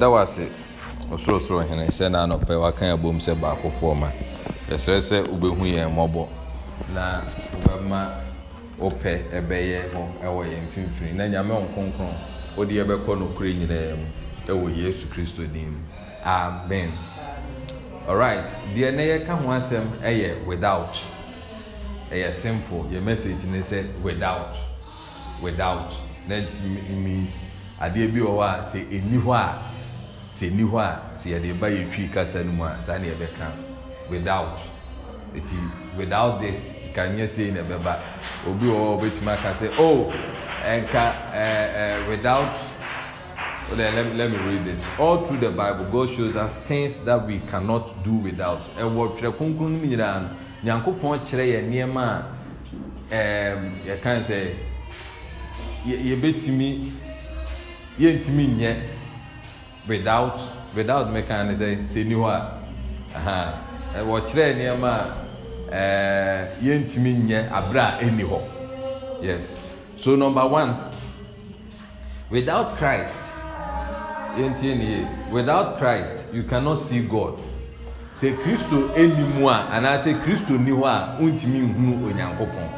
dawase ɔsorosoro hene hyɛ naanɔpɛ waka abom sɛ baakofoɔ ma yɛsrɛ sɛ wobɛhu yɛn mmɔbɔ na wobɛma wopɛ bɛyɛ ho wɔ yɛn mfimfini na nyame nkonkron wode yɛbɛkɔ nokorɛ nyinaa mu ɛwɔ yesu kristo din mu amen alright deɛ nɛ yɛka ho asɛm ɛyɛ without ɛyɛ simple yɛ message ne sɛ without without means adeɛ bi wɔ hɔ a sɛ hɔ a sɛ ni hɔ a sɛ yɛde ba yɛtwi kasa no mu a saa ne yɛbɛka without eti without this kanyɛ sei na ɛbɛba obi wɔ hɔ ɔbɛtumi aka sɛ oh ɛnka ɛɛ ɛɛ without let, me let me read this all through the bible god shows us things that we cannot do without ɛwɔ twerɛ kunkun no nyinaa no nyankopɔn kyerɛ yɛ nneɛma a ɛɛm yɛkan sɛ yɛ yɛbɛtumi yɛntumi nyɛ without without meka ne sɛ sɛ ni hɔ a wɔkyerɛ nneɛma a yɛntumi nyɛ abere a ɛni hɔ yes so number one without Christ yɛntie ni. yie without Christ you cannot see God sɛ kristo ɛni mu a anaasɛ kristo ni hɔ a ntumi nhunu onyankopɔn.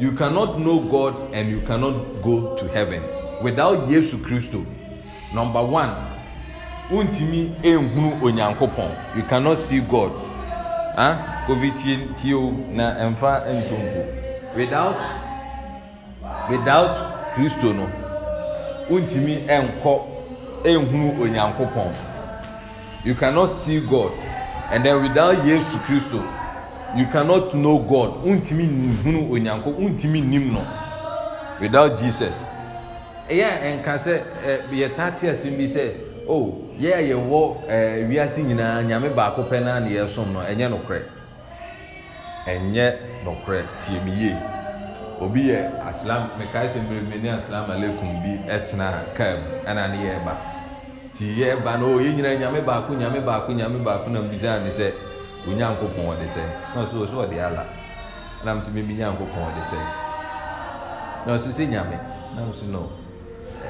You cannot know God and you cannot go to heaven without Yesu Kristo number one wontumi ehunu onyankopɔn you cannot see god ah covid tie tie o na nfa ntonko without without kristo no wontumi nkɔ ehunu onyankopɔn you cannot see god and then without yesu kristo you cannot know god wontumi nhunu onyankopɔn wontumi nim no without jesus ɛyɛ nka sɛ eh, yɛ taate asɛm bi sɛ o oh, yɛ a yɛwɔ eh, wiase nyinaa nyame baako pɛ naa na yɛsom no ɛnyɛ nokorɛ ɛnyɛ nokorɛ tie mi yie obi yɛ aslam mekae sɛ mmerɛ mmerɛ ne aslam aleikum bi ɛtena kaa mu ɛna ne yɛ ba ti yɛ ba no o yɛ nyinaa nyame baako nyame baako nyame baako na mbisa ne sɛ onyankopɔn ɔde sɛ na ɔso ɔso ɔde ala na mo sɛ mimi nyankopɔn ɔde sɛ na ɔso sɛ nyame na mo no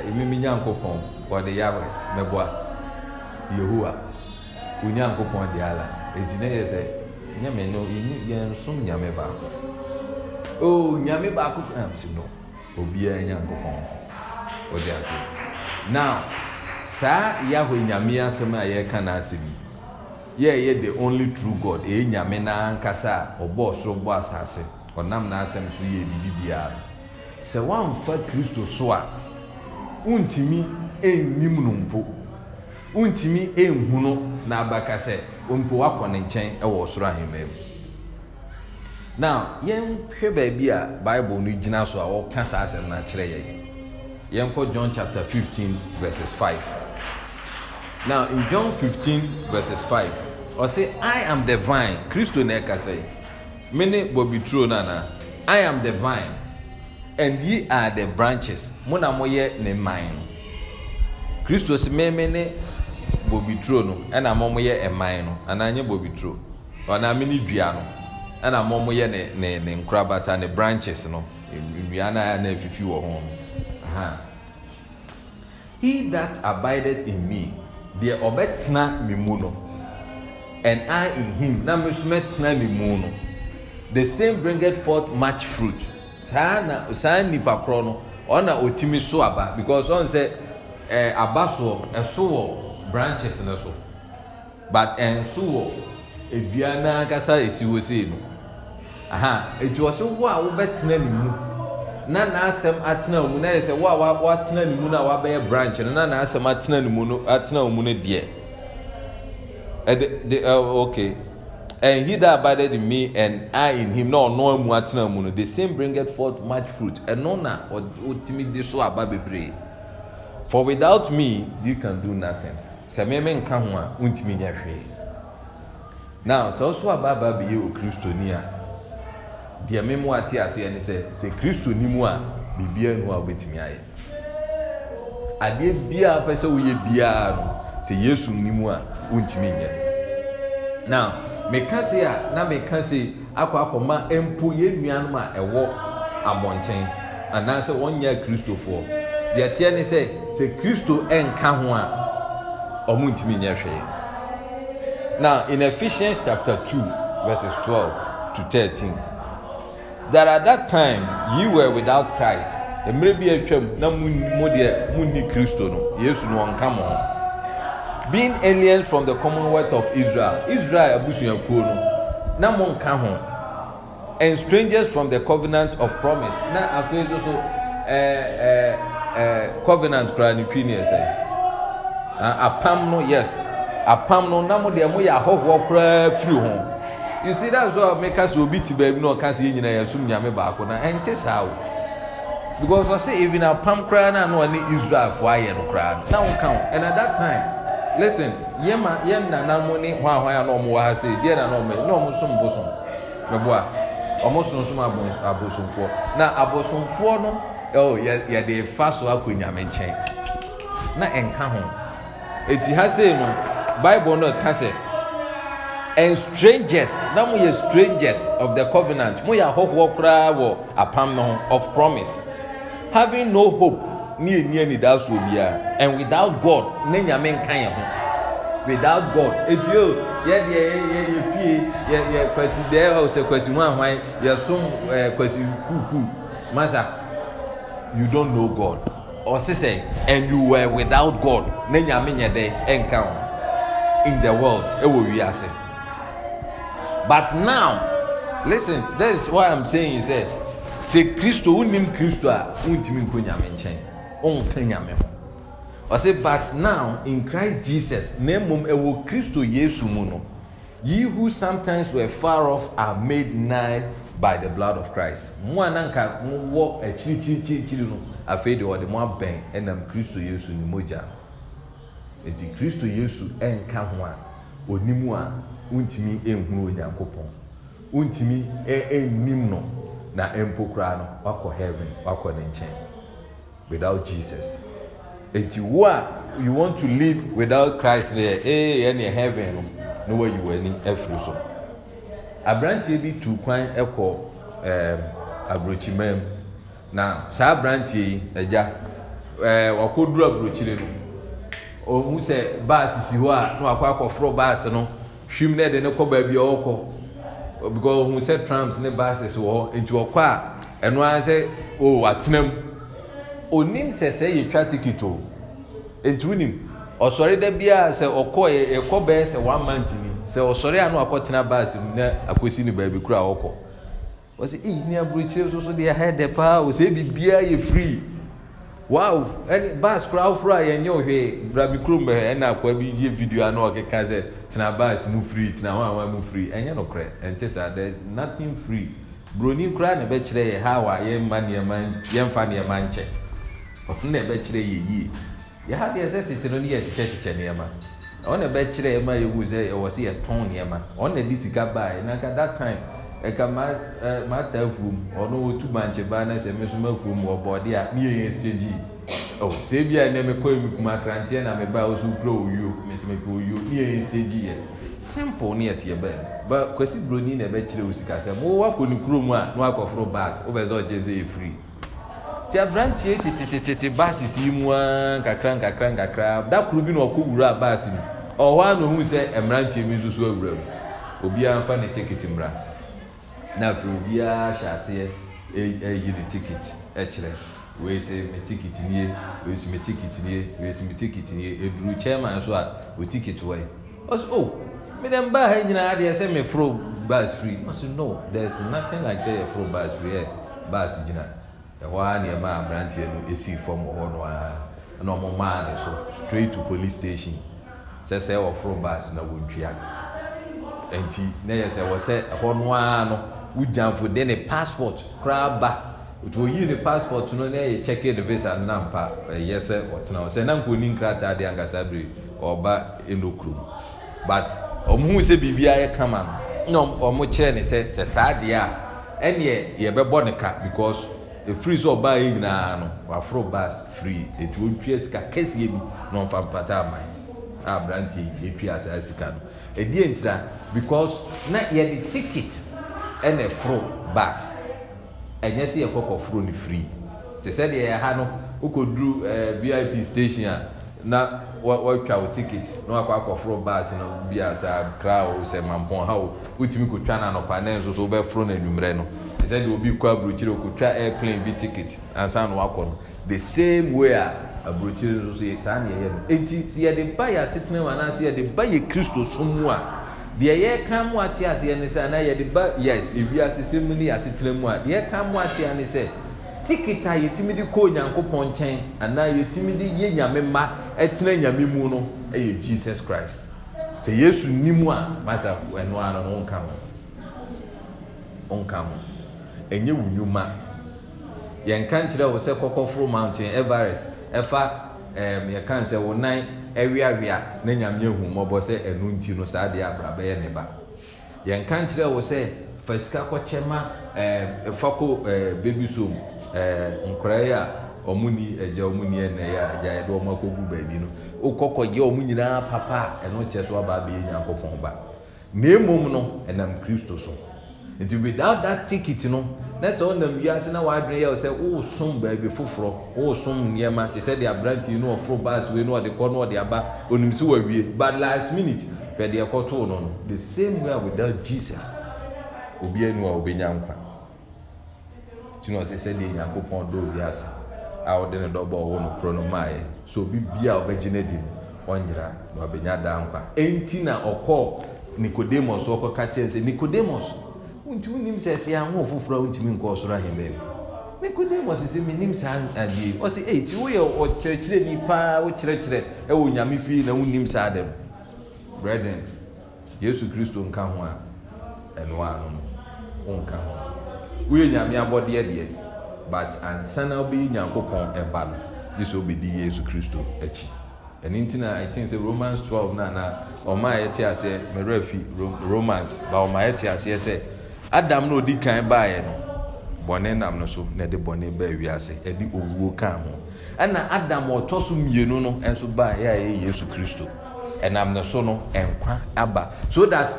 emimi nyankopɔn wɔde yawe mɛboa yehowa onyankopɔn de ala eti ne yɛ sɛ nyame no yɛn yɛn som nyame baako oo nyame baako ɛn si no obiara nyankopɔn wɔde ase now saa yawe nyame asɛm a yɛka n'ase bi yɛyɛ the only true god ɛyɛ e, nyame n'ankasa a ɔbɔ ɔsoro bɔ asase ɔnam n'asɛm so yɛ bibi biara sɛ wɔamfa kristo so a. wontumi nnim no mpo wontumi nhu no na abaka sɛ mpo woakɔ ne nkyɛn wɔ ɔsoro ahemmaa mu now yɛnhwɛ baabi a bible no gyina so a wɔka saa asɛm no akyerɛ yɛn yɛnkɔ john chapter 15 verses 5 now in john 15 verses 5 ɔse i am the vine kristo na ɛka sɛ mene bɔbituro no anaa i am the vine and ye are the branches mo na moyɛ ne man no kristo si meme ne bobituro no ɛna mo moyɛ ɛman e no anaa nye bobituro ɔnaa me ne dua no ɛna mo moyɛ ne ne ne nkorabata ne branches no nnua na ayɛ na efifi wɔ ho no he that abided in me deɛ ɔbɛtena me mu no and i in him na me nso mɛtena me mu no the same bringeth forth much fruit. saa nnipa korɔ no ɔna ɔtumi so aba because ɔn sɛ aba soɔ ɛso wɔ branches no so but ɛnso wɔ adua na ankasa ɛsi wɔ sei no ɛnti ɔ sɛ wo a wobɛtena ne mu na n'asɛm atena wo mu na yɛ sɛ wo a watena ne mu no wabɛyɛ branch no na n'asɛm atena ne mu no deɛ ɛde ok and he that abided in me and I in him na ɔno amu atena mu no the same bringeth forth much fruit ɛno na ɔtumi di so aba bebree for without me you can do nothing sɛ mɛmɛ nka ho a ntumi nyɛ hwee now sɛ ɔso aba aba bɛyɛ okristoni a deɛ mɛmu ate aseɛ ne sɛ sɛ kristoni mu a biribiara nu a wobɛtumi ayɛ adeɛ biara pɛ sɛ woyɛ biara no sɛ yesu ni mu a wontumi nyɛ now meka se a na meka se akɔ akɔma mpo yɛn nuanom a ɛwɔ abɔnten anaasɛ wɔnyɛ kristofoɔ deɛ teɛ ne sɛ sɛ kristo ɛnka ho a ɔmo ntumi nyɛ hwee now in ephesians chapter two verses twelve to thirteen that at that time you were without christ mmerɛ bi atwam na mo deɛ mo ni kristo no yesu no ɔnka mo ho being aliens from the commonwealth of israel israel abusuakuo no na mo nka ho and strangers from the covenant of promise na afei nso so eh, eh, eh, covenant kora ne twi ne ɛsɛ apam no yes apam no na mo deɛ mo yɛ ahɔhoɔ koraa firi ho you see that's why meka sɛ obi ti baabi na ɔka sɛ yɛn nyinaa yɛsum nyame baako na ɛnte saa o because ɔsɛ even apam koraa na ano ɔne israelfoɔ ayɛ no koraa na ɔka ho and at that time listen yɛn ma yɛn nananom ne hwan hwan a na wɔn wɔ ha sɛ deɛ na na wɔn yɛ na wɔn som bosom mɛboa wɔn sunsun abosomfoɔ na abosomfoɔ no ɛwɔ oh, yɛ yɛde fa so akɔ nyame nkyɛn na ɛnka ho eti ha sɛ no bible no ka sɛ and strangers na mo yɛ strangers of the covenant mo yɛ ahɔhoɔ koraa wɔ apam no of promise having no hope. Ni ne yɛni anidasoɔ biara and without god ne nyame nka yɛ ho without god eti o yɛdeɛ yɛ yɛ yɛ pie yɛ yɛ kwasi deɛ ɛhɔ sɛ kwasi ho ahwan yɛsom ɛɛ kwasi kuukuu masa you don't know god ɔsi sɛ and you were without god ne nyame nyɛ dɛ ɛnka ho in the world ɛwɔ wiase but now listen that is why i'm saying you sɛ sɛ kristo wonim kristo a wontumi nkɔ nyame nkyɛn ɔnka nyame ho ɔsɛ but now in christ jesus na mmom ɛwɔ kristo yesu mu no ye who sometimes were far off are made nigh by the blood of christ mo a nanka wɔ akyirikyirikyirikyiri no afei deɛ ɔde mo abɛn ɛnam kristo yesu ne mogya nti kristo yesu ɛnka ho a onimu a wontumi nhunu onyankopɔn wontumi ɛnnim no na mpo koraa no wakɔ heaven wakɔ ne nkyɛn without jesus eti wo a you want to live without christ there ee eh, yɛ ne heaven no you wayi w'ani afiri so aberanteɛ bi tu kwan kɔ ɛɛm aburokyi mmaa mu na saa aberanteɛ yi agya ɛɛ eh, wakɔduru aburokyire no ohun sɛ baasi si hɔ a na wakɔ akɔforɔ baasi no hwim na ɛde ne kɔ baabi a ɔrekɔ because ohun sɛ trams ne baasi si wɔ hɔ nti ɔkɔ a ɛno ara sɛ o oh, watena mu onim sɛ sɛ yɛ twa ticket o ntu nim ɔsɔre da bia sɛ ɔkɔ yɛ e, ɛkɔ bɛyɛ sɛ one month ni sɛ ɔsɔre ano akɔtena bus mu na akɔsi ne baabi kura ɔkɔ wɔsi eyi ni aburukyire soso deɛ ha dɛ paa wɔsi ebi bia yɛ free wow ɛni bus kura aforo a yɛn nyɛ ɔhwɛ brabi kurom bɛ ɛna akɔ bi yɛ video ano ɔkeka sɛ tena bus mu free tena hɔn ahɔn mu free ɛnyɛ no korɛ ɛnkyɛ saa there is nothing free broni kura na bɛkyerɛ yɛ ha wa yɛn mma nneɛma yɛn fa nneɛma nkyɛn. ɔno bɛkyerɛ yɛyie yɛha deɛ sɛ tete no no yɛkyekyɛkyekyɛ nnoɔma ɔne bɛkyerɛ ma yɛwu sɛ ɛwɔ sɛ yɛtɔn nnoɔma ɔnna de sika baɛ nanka that time ɛka e ɔno e, baa sɛ a meyɛyɛ sɛgyii sɛ bia ɛnɛ mekɔɛ mekuma akranteɛ na mebaa wo so kura ɔyuo mesmepɛ ɔyuo meyɛyɛ sɛgyiiɛ simple ne yɛteɛ baa but kwasi buroni na ɛbɛkyerɛ sika sɛ ne kurom a na wakɔforo bas wobɛ sɛ ɔgye sɛ yɛ nti aberanteɛ tetetete bases yi mu aa nkakra nkakra nkakra da koro bi na ɔkɔ wura a baase mu ɔhɔ a na ohun sɛ mmeranteɛ bi nso so awura mu obiara nfa ne ticket mmra na afei obiara hyɛ aseɛ ɛyi e, ne ticket ɛkyerɛ wei sɛ me ticket nie wei sɛ me ticket nie wei sɛ me ticket nie eduru chairman nso a o ticket wɔ yi ɔsɛ o oh, me dɛm baa ha nyinaa adeɛ sɛ me foro baas free ɔsɛ no there is nothing like say yɛ foro baas free yɛ baas gyina. ɛhɔ a nneɛma a aberanteɛ no si fam wɔ hɔ no ara na wɔn maa ne so straight to police station sɛ sɛ wɔforo bus na wɔntwia nti na yɛ sɛ wɔsɛ ɛhɔ no ara no wogyanfo de ne passport koraa ba otu oyi ne passport no na yɛ kyɛkɛ ne visa no nampa ɛyɛ sɛ ɔtena hɔ sɛ na nko ni nkrataa de ankasa bere ɔba ɛno kurom but wɔn ho sɛ biribi ayɛ kama no na wɔn kyerɛ ne sɛ sɛ saa adeɛ a ɛnneɛ yɛbɛbɔ ne ka because ɛfiri sɛ ɔbaa yɛ nyinaa no waforo bas frii ɛti wɔtwa sika kɛseɛ bi na ɔmfa mpata aman a aberanteɛ yi ɛtwa saa sika no ɛdeɛ ntira because na yɛde ticket ɛna ɛforo bas ɛnyɛ sɛ yɛkɔkɔ foro no frii te sɛdeɛ yɛ ha no wokɔduru ɛɛ eh, vip station a na wɔatwa wo ticket na wakɔ akɔforo bus no bi a saa kra o sɛ mampɔn ha o wotumi kotwa no anɔpa ne nso so wobɛforo no anwummerɛ no sɛdeɛ obi kɔ aburokyire okotwa airplane bi ticket ansa na wakɔ no the same way a aburokyire nso so yɛ saa na yɛyɛ no eti sɛ yɛde ba yɛ asetena mu anaasɛ yɛde ba yɛ kristo so mu a deɛ yɛka mu ate aseɛ ne sɛ anaa yɛde ba yes ewiase sɛ mu ne yɛ asetena mu a deɛ yɛka mu ateɛ ne sɛ ticket a yɛtumi de kɔ onyankopɔn nkyɛn anaa yɛtumi de yɛ nyame mma ɛtena nyame mu no ɛyɛ jesus christ sɛ yesu ni mu a masa ɛnoa no no nka ho nka ho ɛnyɛ wo nnwuma yɛnka nkyerɛ wo sɛ kɔkɔforo mountain everest ɛfa yɛkan sɛ wo nan ɛweawea ne nyame ahu mmɔbɔ sɛ ɛno nti no saa deɛ abrabɛyɛ ne ba yɛnka nkyerɛ wo sɛ fa kɔkyɛ ma ɛfa kɔ bɛbi so mu nkɔrɛɛ a ɔmo ni ɛgya ɔmo ni ɛnɛyɛ a gya yɛde ɔmo akɔgu baabi no wokɔkɔgye ɔmo nyinaa papa a ɛno kyɛ so aba abɛyɛ nyankopɔn ba na emom no ɛnam kristo so nti without that ticket no na sɛ ɔnam wiase na wadwene yɛ sɛ wosom baabi foforɔ wosom nneɛma te sɛ deɛ aberanteɛ no ɔforo bus wei no ɔde kɔ no ɔde aba onim sɛ wawie but last minute pɛ deɛ ɛkɔtoo no no the same way without jesus obi anu a obɛnya nkwa nti na ɔsɛ sɛdeɛ nyankopɔn dɔ obi ase a ɔde ne dɔbɔ ɔwɔ no korɔ no maayɛ so obi bia a ɔbɛgyina di mu ɔnyera na ɔbɛnya daa nkwa ɛnti na ɔkɔɔ nicodemus ɔkɔka kyerɛ sɛ nicodemus wonti wonim sɛ ɛsɛ anwo foforɔ a wontumi nkɔ ɔsoro ahemmaamu nikodemus sɛ menim saa adeɛ yi ɔsɛ ɛti woyɛ ɔkyerɛkyerɛni paa wokyerɛkyerɛ ɛwɔ nyame fii na wonnim saa dɛm brethren yesu kristo nka ho a ɛnoa no no wonka ho woyɛ nyame abɔdeɛ deɛ but ansa bi wobɛyɛ nyankopɔn ɛba no gye sɛ wobɛdi yesu kristo akyi ɛno nti i think sɛ romans 12 no ana ɔma a yɛte aseɛ mmerɛ fi romans ba ɔma yɛte aseɛ sɛ adam no odi kan baeɛ no bɔne nam no so na ɛde bɔne baa wiase ɛde owuo kaa ho ɛna adam ɔtɔ so mmienu no nso baa yɛ a ɛyɛ yesu kristo ɛnam no so no nkwa aba so that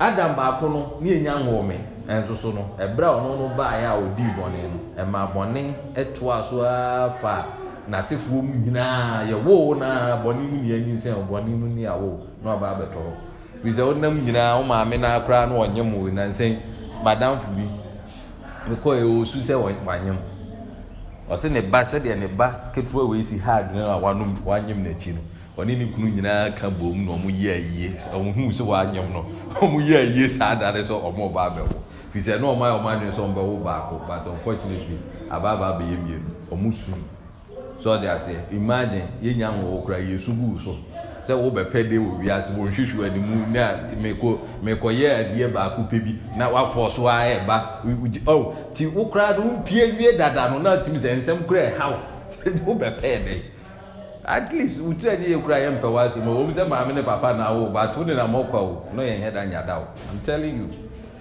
adam baako no ne enya nwome ɛnso so no ɛbrɛ ɔno no baa yɛ a odii bɔne no ɛma bɔne ɛtoa so afa n'asefoɔ mu nyinaa yɛwoo na bɔne mu nea nyinsɛn bɔne mu ni awo na ɔbaa bɛtɔ hɔ firi sɛ ɔnam nyinaa ɔmaame na akora na ɔnyɛ mu nansɛn madamfo bi mekɔɛ ɔsu sɛ wanyam ɔsɛ ne ba sɛdeɛ ne ba ketewa wei si hard na wanom wanyam n'akyi no ɔne ne kunu nyinaa ka bom na ɔmo yɛ ayie ɔmo hu sɛ wanyam no ɔmo yɛ ayie saa da ne sɛ ɔmo ɔba abɛwo fi sɛ ne ɔmo ayɛ ɔmo anwene sɛ ɔmo bɛwo baako but unfortunately abaaba abɛyɛ mmienu ɔmo su so ɔde aseɛ imagine yɛnya nwɔwɔ kora yɛsu gu so sɛ wobɛpɛ de wɔ wiase wɔnhwehwɛ animu ne a mekɔyɛ adeɛ baako pɛ bi na wafɔ so a ɛba nti wo koraa no wompie wie dada no na atumi sɛ nsɛm kora ɛhaw wobɛpɛ dɛ at least wotira ni yɛ kura yɛ mpɛ wase ma wɔn sɛ maame ne papa na awo ba to ne na mɔkɔ awo no yɛn yɛ da nyada o i'm telling you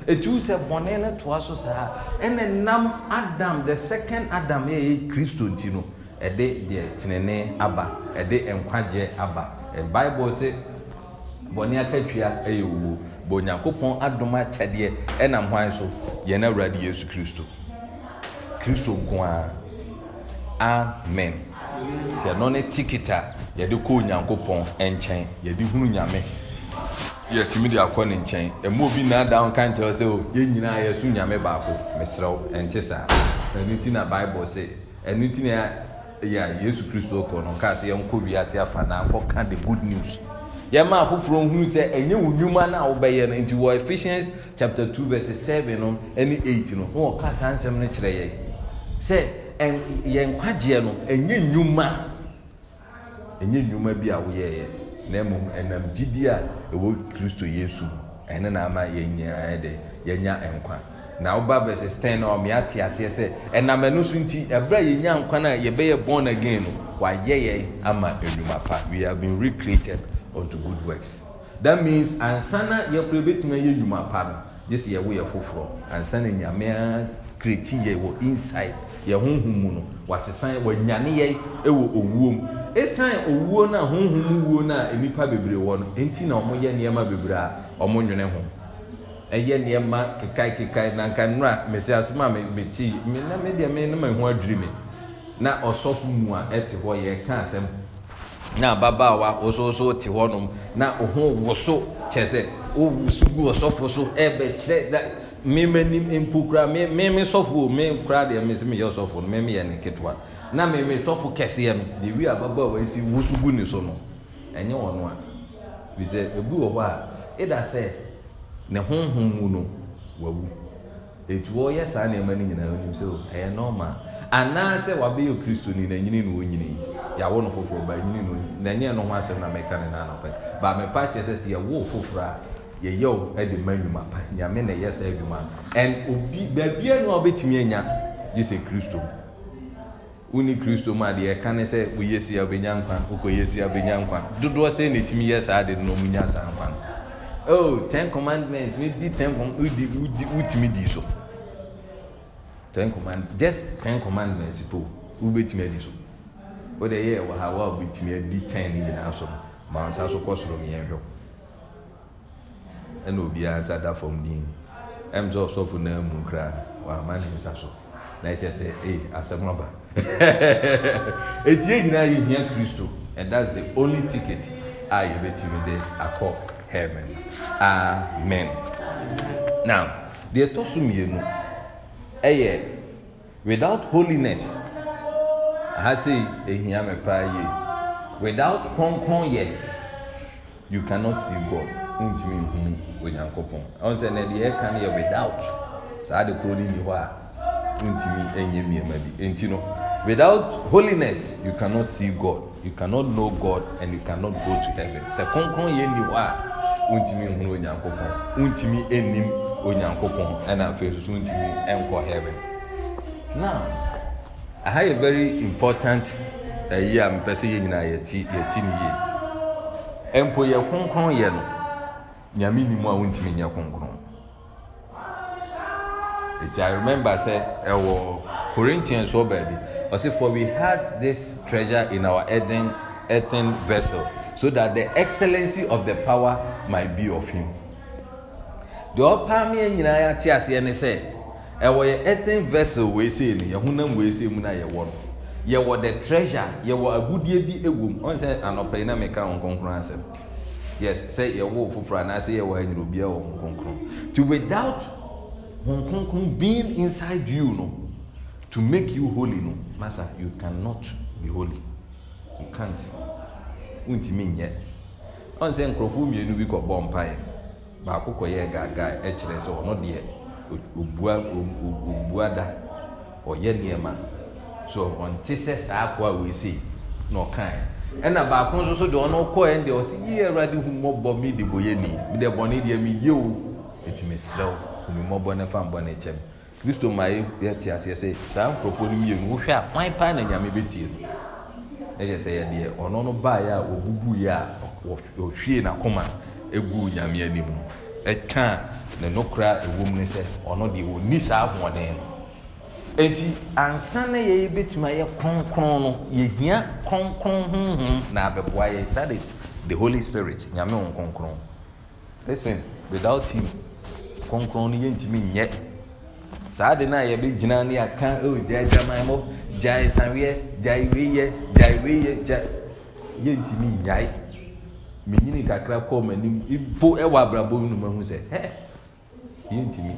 etu sɛ bɔnɛ ne toa so saa ɛna nam adam the second adam yɛ yɛ kristo ti no ɛde deɛ tenene aba ɛde nkwagye aba. bible sɛ bɔne akatwia ɛyɛ wuo bɔ onyankopɔn adom akyɛdeɛ ɛnam hwan so yɛn awurade yesu kristo kristo nko a amen nti ɛno tiketi a yɛde kɔ onyankopɔn nkyɛn yɛde hunu nyame yɛtumi de akọ ne nkyɛn ɛmu obi naadaa nka nkyerɛ sɛ o oh, yɛn nyinaa yɛso nyame baako meserɛw ɛnte saa ɛno ti na bible sɛ ɛno ti na yɛ yesu kristo kɔ no kaa sɛ yɛnkɔ wiase afa naakɔ ka the good news yɛma afoforɔ hunu sɛ ɛnyɛ wo nnwuma no a wobɛyɛ no nti wɔ ephesians chapter two, verse 7 no ne 8 no na wɔka saa nsɛm no kyerɛ yɛn sɛ yɛn nkwagyeɛ no ɛnyɛ nnwuma ɛnyɛ nnwuma bi a woyɛeɛ na mmom ɛnam gyidi a ɛwɔ kristo yesu ɛne na ama yɛn nyinaa yɛ dɛ yɛnya nkwa na woba verses 10 na ɔme ate aseɛ sɛ ɛnam ɛno so nti ɛberɛ a yɛnya nkwan a yɛbɛyɛ born again no wayɛ yɛn ama nnwuma pa we have been recreated unto good works that means ansa na yɛkora bɛtumi ayɛ nnwuma pa no gye sɛ yɛwo yɛ foforɔ ansa na nyame a kreti yɛ wɔ inside yɛ honhom mu no wasesan wanyane yɛ wɔ owuo mu ɛsan owuo na a honhom mu wuo no a nnipa bebree wɔ no enti na wɔyɛ nneɛma bebree a wɔnwene ho ɛyɛ nneɛma kekai na nka nnura mesi asem a meti me na me deɛ me ne ma ho adwiri me na ɔsɔfo mu a ɛte hɔ yɛ ka asɛm na ababaawa wosowoso te hɔ na ɔho woso kyɛ sɛ owu so gu ɔsɔfo so ɛbɛkyerɛ na mmemme anim mpo kura mmemme sɔfo o mmemme kura deɛ mesi meyɛ ɔsɔfo no mmemme yɛ ne ketewa na mmemme sɔfo kɛseɛ no deɛ wi ababaawa esi woso gu ne so no ɛnyɛ wɔn a bisɛ ebi wɔ hɔ a ɛda sɛ ne honhom mu no wawu ɛti wɔyɛ saa nnoɔma no nyinaa onim sɛ ɛyɛ nɔɔma anaasɛ wabɛyɛ kristoni na nyini no ɔnyini yɛawo no foforɔ ba nyini no na ɛnyɛ no ho asɛm na mɛka ne nanɔpɛ ba mepa kyerɛ sɛ sɛ yɛwo foforɔ a yɛyɛ wo de ma nnwuma pa nyame na ɛyɛ saa adwuma no and obi baabia no a wobɛtumi anya gye sɛ kristo mu woni kristo mu a deɛ ɛka ne sɛ woyɛ si a wobɛnya nkwa wokɔyɛ si a wobɛnya nkwa dodoɔ sɛ ne tumi yɛ saa de no na ɔmunya saa nkwa no oh ten commandments mi di ten com wudi wudi wutumi di so ten command just ten commandments po wubetumi adi so o de yɛ wɔ ha wa wubetumi adi ten ne nyinaa so maa nsa so kɔ soro mi yɛn hwɛ ɛna obiara nsa da fam din ɛm sɛ ɔsɔfo naa mu kura wama ne nsa so na ɛkyɛ sɛ ee eh, asɛm aba etie nyinaa yɛ hia kristo and that's the only ticket a yɛbɛtumi de akɔ heaven amen now deɛ ɛtɔ so mmienu ɛyɛ without holiness aha sei ehia me paa yie without kɔnkɔnyɛ you cannot see God ntumi nhunu onyankopɔn ɔn sɛ nɛɛde ɛka no yɛ without saa de kuro ni ni hɔ a ntumi nyɛ mmiɛnma bi nti no without holiness you cannot see God you cannot know God and you cannot go to heaven sɛ kɔnkɔn yɛ ni hɔ a. wontumi nhunu onyankopɔn wontumi nnim onyankopɔn ɛna afei soso wontumi nkɔ heaven now aha yɛ very important ayi a mpɛ sɛ yɛ nyinaa yɛti yɛti ne yie mpo yɛ kronkron yɛ no nyame ni a wontumi nyɛ kronkron eti i remember sɛ ɛwɔ eh, Corinthians wɔ baabi ɔsi for we had this treasure in our Eden earthen vessel, so that the excellency of the power might be of him. Deɛ ɔpaame yɛ nyinaa yɛ ate aseɛ ne sɛ, ɛwɔ yɛ earthen vessel wei se ni yɛ honam wei se mu na yɛwɔ no. Yɛwɔ the treasure, yɛwɔ agudie bi ewom. Ɔn sɛ anɔpɛ yi na mɛka wɔn kɔnkɔn asɛm. Yes, sɛ yɛwɔ foforɔ anaasɛ yɛwɔ anyinɛ obiara wɔ wɔn To without wɔn being inside you no, to make you holy no, masa you cannot be holy. wokant wontumi nyɛ ɔn sɛ nkurɔfoɔ mmienu bi kɔbɔ mpaeɛ baako kɔyɛɛ gaga kyerɛ sɛ ɔno deɛ ɔbua da ɔyɛ nneɛma so ɔnte sɛ saa koa wɔɛsei na ɔkae ɛna baako nso so deɛ ɔno kɔɛ deɛ ɔsɛ yie awurade hu mmɔbɔ me de bɔyɛ ni mede bɔne deɛ meyɛ o ɛti mesrɛ wo humi mmɔbɔ ne fa mbɔ ne kyɛm kristo ma yɛte aseɛ sɛ saa nkurɔfoɔ no mmienu wohwɛ a kwan paa na nyame bɛtie no ɛyɛ sɛ yɛdeɛ ɔno no baeɛ a ɔbubuiɛ a ɔhwie n'akoma ɛgu nyame anim ɛka ne nokora ɛwɔ mu sɛ ɔno deɛ ɔnni saa ahoɔden no enti ansa na yɛyɛ bɛtumi ayɛ kronkron no yɛhia kronkron honhom na abɛboa yɛ that is the holy spirit nyame wo kronkron listen without him kronkron no yɛntumi nyɛ saa oh, de no a yɛbɛ gyina ne yɛaka o gyae dwaman mɔ gyae nsaweɛ gyae weiyɛ gyae weiyɛ gyae yɛntumi nyae menyini kakra kɔɔ m'anim mpo ɛwɔ abrabɔ mu no mahu sɛ hɛ yɛntumi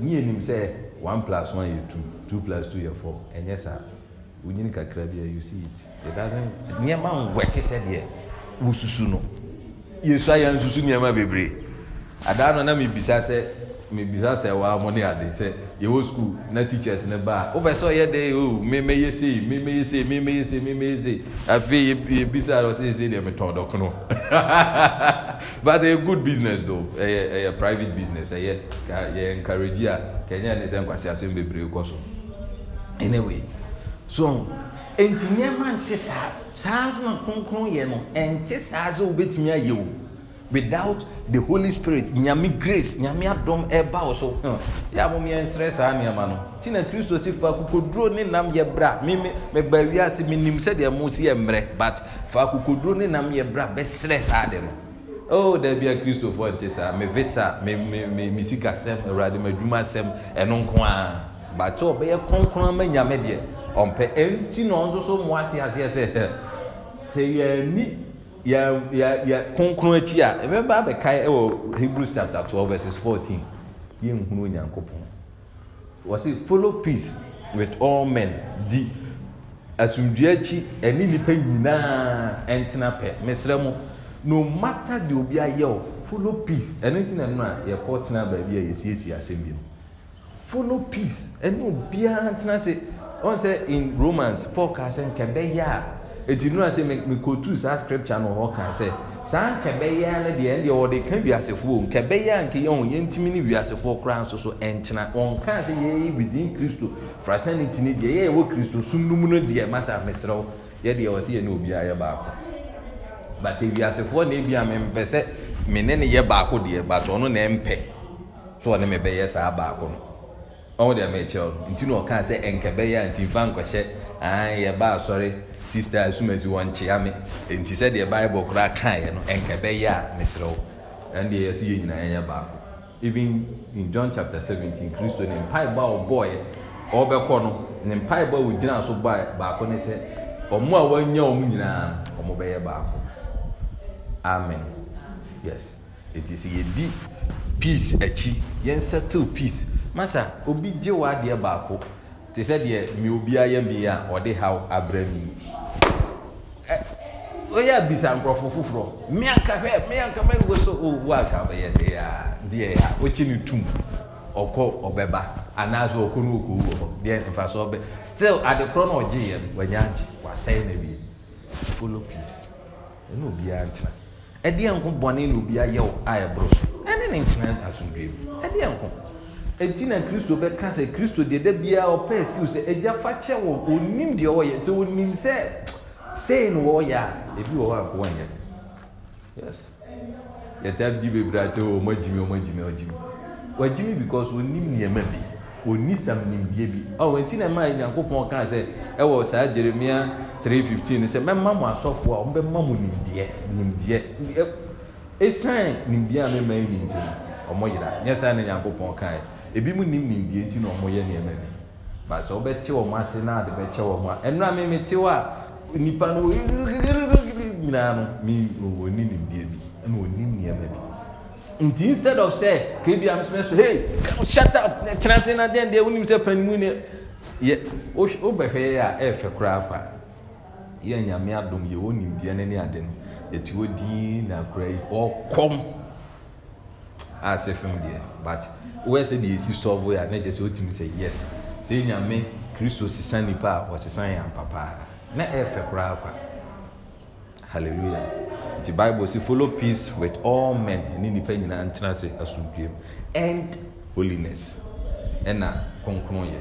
nyɛ nim sɛ one plus one yɛ two two plus two yɛ four ɛnyɛ saa wonyini kakra bi a you see it it doesn't nneɛma nwɛke sɛdeɛ wosusu no yɛsua yɛn susu nneɛma bebree adaa no na mebisa sɛ mebisa sɛ wa mo ne ade sɛ yɛwɔ sukuu na teachers ne ba a wopɛ sɛ ɔyɛ de o mi sei memeyɛ sei memeyɛ mi memeyɛ sei afei yɛbisa no sɛ sei deɛ metɔn dɔkono but ɛyɛ good business though ɛyɛ ɛyɛ private business ɛyɛ ka yɛ encourage a kɛnyɛ ne sɛ nkwasi asɛm bebree kɔ so anyway so nti nneɛma nte saa saa so na kronkron yɛ no ɛnte saa sɛ wobɛtumi ayɛ o without the holy spirit nyame grace nyame adom ɛba wo so hmm. yɛ a mom yɛnsrɛ saa nneɛma no nti kristo si fa kokoduro ne nam yɛ bra meba wiase menim sɛdeɛ mo si yɛ mmerɛ but fa kokoduro ne nam yɛ bra bɛsrɛ saa de no oh daabi a kristofoɔ nte saa me visa me sikasɛm awurade m'adwuma asɛm ɛno nko a but sɛ ɔbɛyɛ kronkron ma nyame deɛ ɔmpɛ ɛnti na ɔnso so mmoate aseɛ sɛ sɛ yɛani yɛ yɛ yɛ kronkron akyi a ɛbɛba abɛkae ɛwɔ hebrews chapter twelve verses fourteen yɛn nhunu onyankopɔn wɔsi follow peace with all men di asumdua akyi ɛne nipa nyinaa ɛntena pɛ mesrɛ mo no matter deɛ obi ayɛ o follow peace ɛno ti na no a yɛkɔ tena baabi a yɛsiesie asɛm bi mu follow peace ɛne obiara tena se wɔn sɛ in romans paul kaa sɛ nkɛbɛyɛ a eti nura sɛ mekotu saa scripture no hɔ kan sɛ saa nkɛbɛyɛ no deɛ ɛndeɛ wɔde ka wiasefoɔ nkɛbɛyɛ a nkɛyɛ ho yɛntumi ne wiasefoɔ koraa nso so ɛntena wɔnkaa sɛ yɛyɛ within kristo fraternity ne deɛ yɛyɛ wɔ kristo sundum no deɛ masa mesrɛw yɛdeɛ wɔ sɛ yɛ ne obiara yɛ baako but wiasefoɔ na ebi a mempɛ sɛ me ne ne yɛ baako deɛ but ɔno na ɛmpɛ so ɔne me bɛyɛ saa baako no ɔmo deɛ mɛkyɛw nti na ɔkaa sɛ nkɛbɛyɛ nti nfa nkɔhyɛ aa yɛ sister asumasi wɔn nkyia me nti sɛdeɛ bible koraa kaeɛ no nka ɛbɛyɛ a mesrɛ wo ɛn deɛ yɛsɛ yɛ nyinaa yɛnyɛ baako even in john chapter seventeen kristo ne mpaeba a ɔbɔɔyɛ ɔbɛkɔ no ne mpaeba a ogyina so bae baako ne sɛ ɔmo a wɔanya wɔn nyinaa ɔmo bɛyɛ baako amen yes eti sɛ yɛdi peace akyi yɛn settle peace masa obi gye wɔ adeɛ baako te sɛ deɛ mi obi ayɛ mi a ɔde haw abrɛ mi woyɛ bisa nkurɔfo foforɔ meanka hwɛ meanka so. sɛ ɔwu ahwɛ abɛyɛ deɛ a deɛ a wɔkyi ne tum ɔkɔ ɔbɛba anaasɛ ɔkɔ no ɔkɔwu wɔ hɔ deɛ mfa so ɔbɛ still ade korɔ na ɔgyeeɛ no wanya agye wasɛe na wie follow peace ɛne obiara ntena ɛdeɛ nko bɔne na obiara yɛ wo a ɛboro so ɛne ne ntena asomdwe mu ɛdeɛ nko ɛti na kristo bɛka sɛ kristo deɛ da biara ɔpɛ excuse sɛ agya fa kyɛ wɔ ɔnim deɛ ɔyɛ sɛ ɔnim sɛ sei no oh, wɔyɛ a ebi wɔ hɔ a ko wɔnyɛ yes yɛtaa di bebree ati o ɔmo agyimi ɔmo agyimi ɔgyimi wagyimi because onim nneɛma bi oni sam nimdie bi ɔwɔ nti na mmaa nyankopɔn kaa sɛ ɛwɔ saa jeremia three fifteen sɛ mɛma mo asɔfo a ɔmbɛma mo nimdeɛ nimdeɛ esan nimdeɛ a mɛma yi ni nti no ɔmo yira nyɛ saa na nyankopɔn kaa yɛ ebi mu nim nimdeɛ nti na ɔmo yɛ nneɛma bi baasa ɔbɛte ɔmo ase na ade bɛkyɛ ɔmo a ɛnura mi mi te hɔ a nipa no nyinaa no wɔni ne bie bi ɛna wɔni nneɛma bi nti instead of sɛ kebi amesomɛ so hey shut up tena se na den de wonim sɛ panimu ne yɛ wobɛhwɛ yɛ a ɛɛfɛ koraa pa yɛ nyame adom yɛ wɔ nimdeɛ no ne ade no yɛti wɔ din na akora yi ɔkɔm a sɛ fam deɛ but woyɛ sɛ deɛ ɛsi sɔvo yɛ a na gye sɛ wotumi sɛ yes sɛ nyame kristo sesa nnipa a wɔsesa yɛn papa paa na ɛyɛ fɛ koraa kwa hallelujah nti bible si follow peace with all men ne nipa nyinaa ntena ase asomdwem and holiness ɛna kronkron yɛ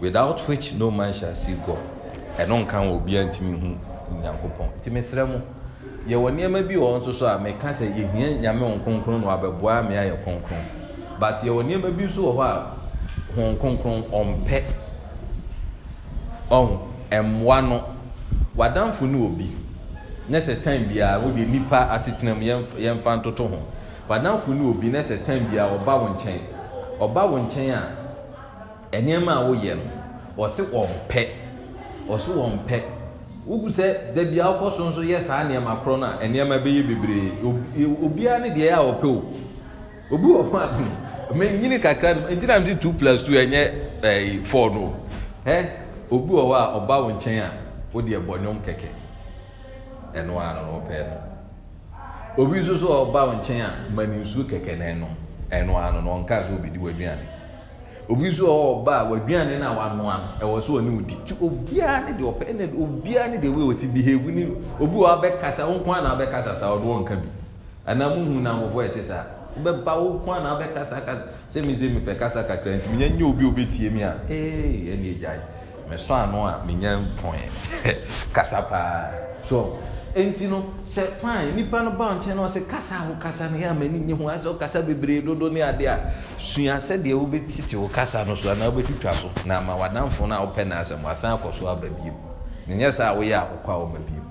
without which no man shall see god ɛno nka wɔ obiara ntumi hu nyankopɔn nti mesrɛ mu yɛwɔ nneɛma bi wɔ nso so a meka sɛ yɛhia nyame wɔn kronkron na wabɛboa me ayɛ kronkron but yɛwɔ nneɛma bi nso wɔ hɔ a wɔn kronkron ɔmpɛ ɔn mmoa no wadamfo ne obi ne sɛ time biara wode nipa asetenam yɛmfa ntoto ho wadamfo ne obi ne sɛ time biara ɔba wo nkyɛn ɔba wo nkyɛn a nneɛma a woyɛ no ɔse ɔmpɛ ɔse ɔmpɛ wogu sɛ da bia wokɔ so nso yɛ saa nneɛma korɔ no a nneɛma bɛyɛ bebree e-, obiara ne deɛ a ɔpɛ o obi wɔ ho adom menyini kakra no nti na mete 2 plus two ɛnyɛ four no ɛ obi wɔ hɔ a ɔba wo nkyɛn a wodeɛ bɔnwom kɛkɛ ɛno a no wɔpɛɛ no obi nso so ɔba wo nkyɛn a ma ne nsuo kɛkɛ na ɛno ɛno a no na ɔnka sɛ obɛdi w'aduane obi nso wɔ ɔba a w'aduane no a wanoa no ɛwɔ so ɔne wodi ti obiara ne deɛ ɔpɛ ne obiara ne deɛ wɔsi behave ne obi wɔ abɛkasa wo nko na abɛkasa saa ɔde wɔnka bi anaa muhu na ahofoɔ ɛte saa wobɛba wo nko na abɛkasa kasa sɛ mi sɛ kasa kakra nti menya nyɛ obi a obɛtie mi a ee ɛne agyae meso ano a menya mpɔn kasa paa so nti no sɛ fine nipa no ba nkyɛn na ɔsɛ kasa ho kasa no yɛ ama ni nye ho asɛ ɔkasa bebree dodo ne adeɛ a sua sɛdeɛ wobɛtete wo kasa no so anaa wobɛtwitwa so na ama wadanfo no a wopɛ no asɛm wasan akɔ so aba biem ne nyɛ saa woyɛ akokɔ a wɔba biem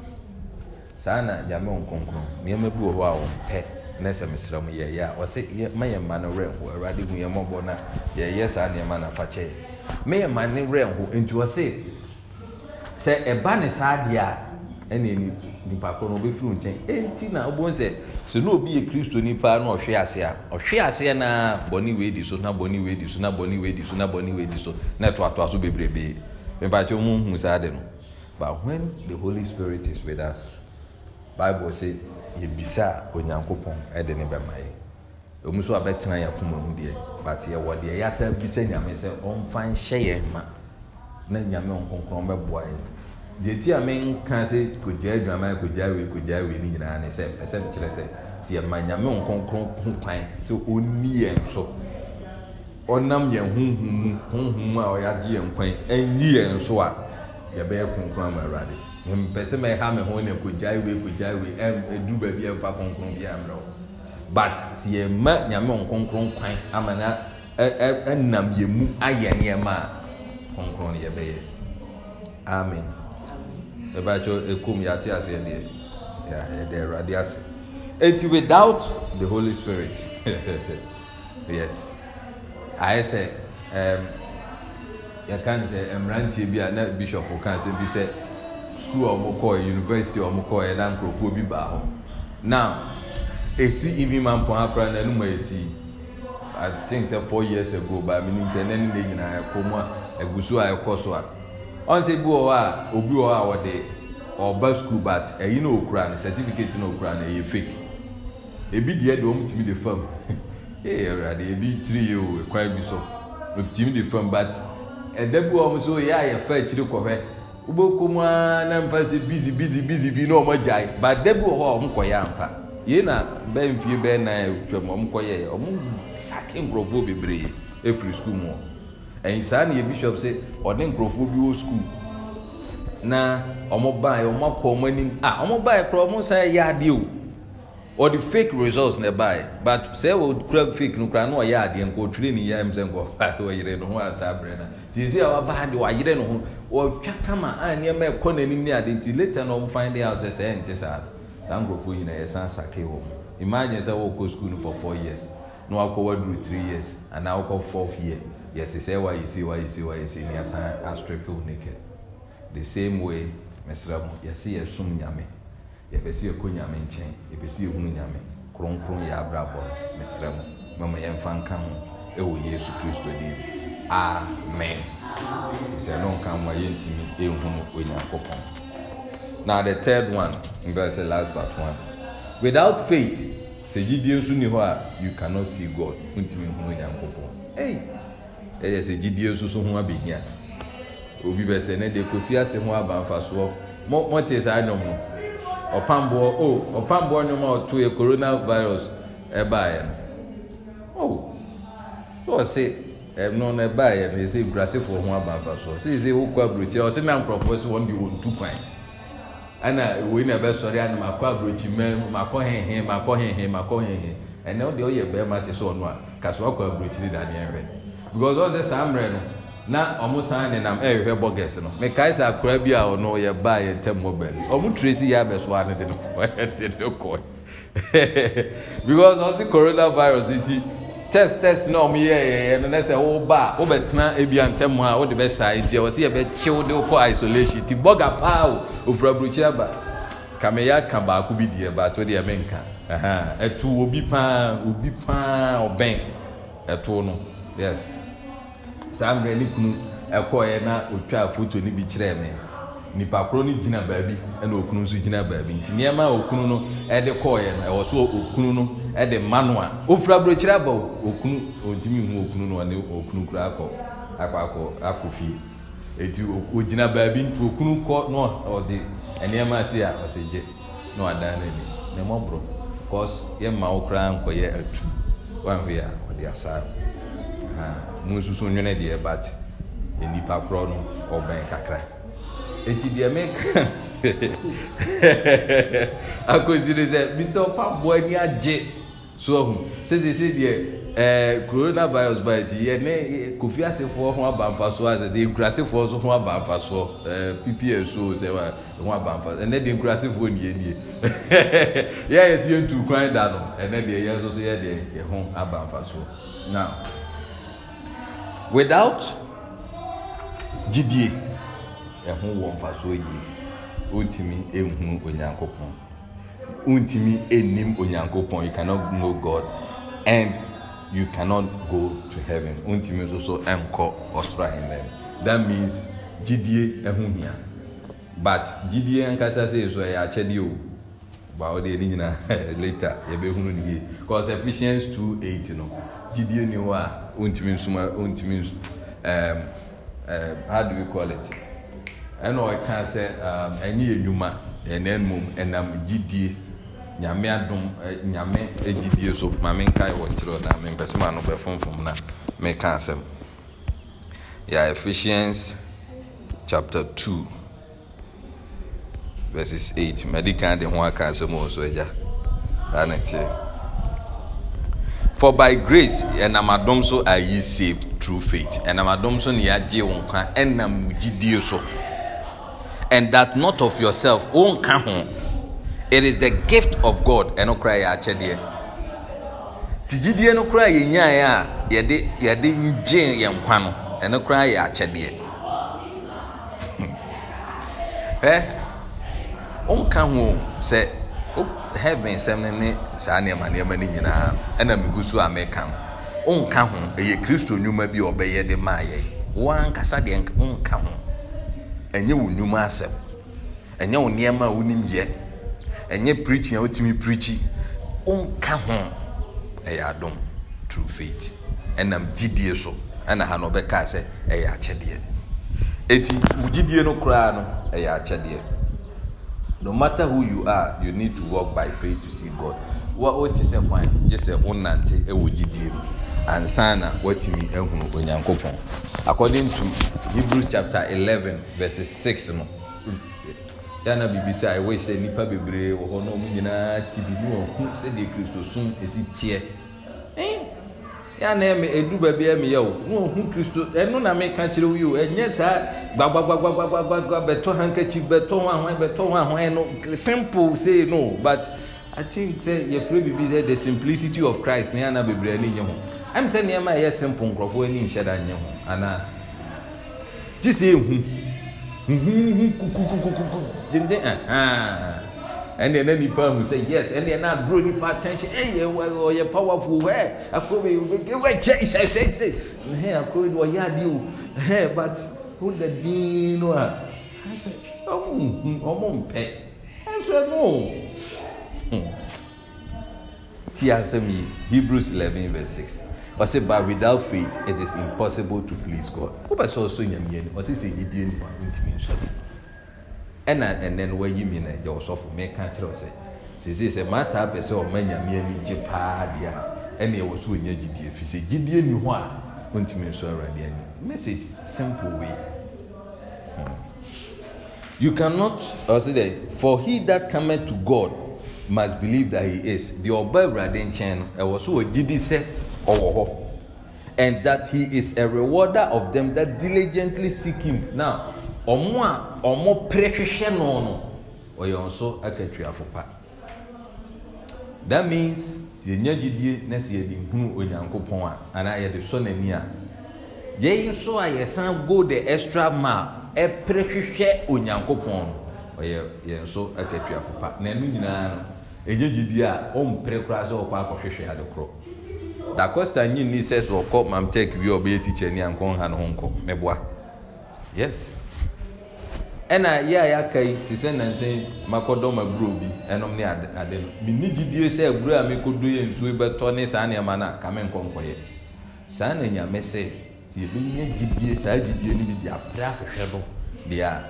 saa na nyame wo nkronkron nneɛma bi wɔ hɔ a wɔmpɛ na sɛ mesrɛ m yɛyɛ a ɔsɛ ma mma no werɛ ho awurade hu yɛ mmɔbɔ no yɛyɛ saa nneɛma na fakyɛ yɛ meyɛ ma ne werɛ ho nti wɔ se sɛ ɛba ne saa deɛ a ɛne nipa korɔ no ɔbɛfiri wo nkyɛn ɛnti na wobɛhu sɛ sɛ na obi yɛ kristoni paa na ɔhwe ase a ɔhwe aseɛ na bɔne wei di so na bɔne wei di so na bɔne wei di so na bɔne wei di so na ɛtoatoa so bebrebee mepakyɛ mu hu saa de no but when the holy spirit is with us bible say yɛbisa a onyankopɔn ɛde ne bɛma yɛ ɔmu so abɛtena yɛ akoma mu deɛ but yɛwɔ deɛ yɛasa bisa nyame sɛ ɔmfa nhyɛ yɛn ma na nyame ɔnkonkron bɛboa yɛn deɛ ti a menka sɛ kogyaa adwama kogyaa wei kogyaa wei ne nyinaa ne sɛ ɛsɛ mekyerɛ sɛ sɛ yɛma nyame ɔnkonkron ho kwan sɛ ɔnni yɛn so ɔnam yɛn honhom mu honhom mu a ɔyɛagye yɛn kwan ɛnyi yɛn so a yɛbɛyɛ kronkron ama awurade mpɛ sɛ mɛha me ho ne kogyaa wei kogyaa wei ɛdu baabi ɛmfa kronkron biara mmerɛ but sɛ yɛma nyame nkronkron kwan ama na ɛnam yɛn mu ayɛ nneɛma a kronkron no yɛbɛyɛ amen ɛbɛkyɛ ɛkɔm yɛate aseɛ deɛ yɛde awurade ase eti without the holy spirit yes ayɛ sɛ ɛm yɛka ne sɛ mmeranteɛ bi a na bishop ka sɛ bi sɛ school a wɔn kɔɔ university a wɔn kɔɔ yɛ na nkurɔfoɔ bi baa hɔ now. esi eh, ev man pon akora na anum esi i think say four years ago eh, eh, ba e mi nim say nani ne nyinaa ɛkɔ mu a egu so a ɛkɔ so a ɔn sɛ bi wɔ hɔ a obi wɔ hɔ a wɔde ɔba school but ɛyi na okura no certificate na okura no ɛyɛ fake ebi deɛ deɛ wɔn tumi de fam ee ɛwurade ebi tiri yɛ o ɛkwan e bi so tumi de fam but ɛda bi wɔ hɔ so yɛ a yɛfa akyiri kɔhɛ wobɛkɔ mu a na nfa sɛ busy busy busy bi na wɔn agyae but ɛda bi wɔ hɔ a wɔn kɔ yɛ ampa. yei na bɛmfie bɛɛ na twam ɔmkɔyɛɛ ọmụ sake nkurɔfoɔ bebree efiri sukuul mu bishop sɛ ɔde nkurɔfoɔ bi wɔ na ɔmobaɛ ɔmo akɔ ɔmo anim ɔmobaɛ kora ɔmo nsa adeɛ o fake results na ɛbaɛ but sɛ wɔkura fake no na ɔyɛ adeɛ nkɔ ɔtwerɛ ne ho a nneɛma saa nkurɔfoɔ nyina yɛsan sake wɔ imagine sɛ wɔkɔ sukuu no for four years na wakɔ waduru three years anaa wɔkɔ fourth year yɛsi sɛ wayɛsi wayɛsi wayɛsi ne yɛsan astrepil naked the same way mesra mu yɛsi yɛsum nyame yɛbɛsi yɛkɔ nyame nkyɛn yɛbɛsi yɛhunu nyame kronkron yɛ abrabɔ mesra mu mɛmo yɛmfa nka ho ɛwɔ yesu kristo dim amen sɛ no nka mmoa yɛntumi ɛnhunu onyankopɔn na the third one mbɛ sɛ last but one without faith sɛ gyidie nso ni hɔ a you cannot see god ntumi nhunu nyankopɔn ɛyi ɛyɛ sɛ gyidie nso so ho abɛhia obi bɛ sɛ ne de kofi ase ho aba nfasoɔ mo mo te saa nnɔm no ɔpamboɔ o ɔpamboɔ nnɔm a ɔto yɛ corona virus ɛbaayɛ e no o e, e ɔse ɛno no ɛbaayɛ no yɛ sɛ ekurasefoɔ ho aba nfasoɔ sɛ yɛ sɛ wokɔ aburokyi ɔse na nkorɔfoɔ so wɔn de wɔn tu kwan. ana wei na ɛbɛsɔre ana makɔ aburokyima mu makɔ hehe makɔ hehe makɔ hehe ɛnɛ wo deɛ woyɛ bɛrima te sɛ ɔno a kasɛ daneɛ because saa mmerɛ no na ɔmo san ɛrehwɛ bɔgɛs no sɛ akora bi a ɔno yɛ baa yɛ ntɛm wɔ baabi ɔmo ture si yɛ abɛsoa no de no kɔɛ de no because corona virus test test na ɔmo yɛ no ebi a ntɛm a ofura burokyi aba kameyɛ aka baako bi deɛ baako deɛ menka ɛtu obi paa obi paa ɔbɛn ɛtu no yes saa mmerɛ ne kunu ɛkɔɔɛ na otwa foto ne bi kyerɛɛ me nipa koro no gyina baabi ɛna okunu nso gyina baabi nti nneɛma a okunu no ɛde kɔɔɛ no ɛwɔ so okunu no ɛde ma no a ofura burokyerɛ aba okunu ontumi hu okunu no ɔne okunu kura akɔ akɔ akɔ akɔ fie eti ogyina baabi okunu kɔ na ɔde nneɛma ase a ɔsɛ gye na wadan n'ani na ɛmɔ borɔ kɔs yɛmma wo koraa nkɔyɛ atu wanhwe a ɔde asaa ha mu nso nwene deɛ bat nipa korɔ no ɔbɛn kakra eti deɛ meka akɔsi de sɛ mr pamboa ni agye so ɔho um, sesese deɛ ɛɛ eh, corona virus ba ti yɛ eh, ne kofi asefoɔ ho abanfa so asese nkura asefoɔ so ho abanfa so ɛɛ eh, pps so sɛ wa ho abanfa ɛnɛ deɛ nkura asefoɔ nie nie yɛ yɛ si yɛ ntu kwan da no ɛnɛ deɛ yɛ nso so yɛ deɛ yɛ ho abanfa so now without gyidie ɛho wɔ nfa so yie otumi ehun onyankopɔn wontumi nim onyankopɔn you cannot know god and you cannot go to heaven wontumi nso so nkɔ ɔsoro ahendan that means gyidie ho hia but gyidie ankasa sɛ so ɛyɛ akyɛdeɛ o ba ɔde ɛni nyinaa later yɛbɛhunu ne yie cause Ephesians two eight no gyidie ni hɔ a wontumi nsoma wontumi ns um, um, how do we call it ɛna ɔka sɛ ɛnyɛ um, enuma ɛnɛ mom ɛnam gyidie nyame adom eh, nyame gyidie so ma menkae wɔ nkyerɛ ɔda mempɛ sɛ ma no bɛfomfom na meka asɛm yɛ ephesians chapter two, verses eight. madi kan de ho aka asɛm wɔ so agya saa ne teɛ for by grace ɛnam adom so are ye saved through faith ɛnam adom so na yɛagye wo nkwa ɛnam gyidie so and that not of yourself wo nka ho it is the gift of god ɛno kora yɛ akyɛdeɛ ti gyidie no kora yɛ nyaeɛ a yɛde yɛde ngye yɛn nkwa no ɛno kora yɛ akyɛdeɛ ɛ nka ho sɛ heaven sɛm ne ne saa nneɛma nneɛma no nyinaa ɛna megu so a meka ho nka ho ɛyɛ kristo nnwuma bi a ɔbɛyɛ de maa yɛ wankasa deɛ nka ho ɛnyɛ wo nnwuma asɛm ɛnyɛ wo nneɛma a wonim yɛ ɛnyɛ preaching a wotumi preachi wonka ho ɛyɛ adom true faith ɛnam gyidie so ɛna ha no ɔbɛkaa sɛ ɛyɛ akyɛdeɛ eti gyidie no koraa no ɛyɛ akyɛdeɛ no matter who you are you need to walk by faith to see god wa wote sɛ kwan gye sɛ wonante ɛwɔ e gyidie mu ansa na watumi ahunu e onyankopɔn according to hebrews chapter eleven verse six no. bibi sị a ɛwɔ hyɛ nnipa bebree wɔ hɔ no ɔmo nyinaa ti bi ne ɔhu sɛdeɛ kristo som ɛsi eh? ya yɛana ɛmɛ edu baabi ya o ne kristo enu na mɛ ka kyerɛ wo saa bɛtɔ bɛtɔ bɛtɔ simple say no but the simplicity of christ bebree nye nneɛma a ɛyɛ simple nkurɔfoɔ nhyɛ da gyende ɛnneɛ eh, eh. na nipa ahu sɛ yes ɛnneɛ na aduro nipa attention ɛyɛ eh, ɔyɛ powerful ɛ akoro bɛ yɛ wɛ kyɛ sɛsɛsɛ ɛhɛn akoro bɛ ɔyɛ adeɛ o ɛhɛn but o da diin no a ɔmo nkun ɔmo mpɛ ɛnso ɛno ti asɛm yi Hebrews eleven verse six ɔsɛ but without faith it is impossible to please God wopɛ sɛ ɔsɔ nyamea no ɔsɛ sɛ yɛdie no a ntumi nsɔ ɛna ɛnɛ no wayi mi na yɛ ɔsɔfo mɛka kyerɛ sɛ sese sɛ maataa pɛ sɛ ɔma nyamea no gye paa deɛ a ɛna ɛwɔ so ɔnya gyidie fi sɛ gyidie ni hɔ a ɔntumi nsɔ awurade ani message simple way hmm. you cannot ɔsɛ dɛ for he that cometh to God must believe that he is deɛ ɔba awurade nkyɛn no ɛwɔ so ɔgyidi sɛ ɔwɔ hɔ and that he is a rewarder of them that diligently seek him now ɔmo a ɔmo pere hwehwɛ no no ɔyɛ nso akatriafo pa that means sɛ yɛnya gyidie na sɛ yɛde hunu onyankopɔn a anaa yɛde sɔ n'ani a yɛn nso a yɛsan go the extra mile ɛpere hwehwɛ onyankopɔn no ɔyɛ yɛn nso akatriafo pa na ɛno nyinaa no ɛnyɛ gyidie a ɔmpere koraa sɛ ɔkɔ akɔhwehwɛ ade korɔ dacosta ni sɛ sɛ ɔkɔ mamtek bi a ɔbɛyɛ tikha ni ankɔ nha ne ho nkɔ mɛboa yes ɛna yɛ a yɛaka yi te sɛ nansɛn makɔdɔm aburo bi ɛnom ne ade no menni gyidie sɛ aburo a mekɔdo yɛ nsuo e bɛtɔ ne saa nneɛma no a kame nkɔnkɔyɛ saa na nyame sɛ nti yɛbɛnya gyidie saa gyidie no bi de aprɛ ahwehwɛ no deɛ a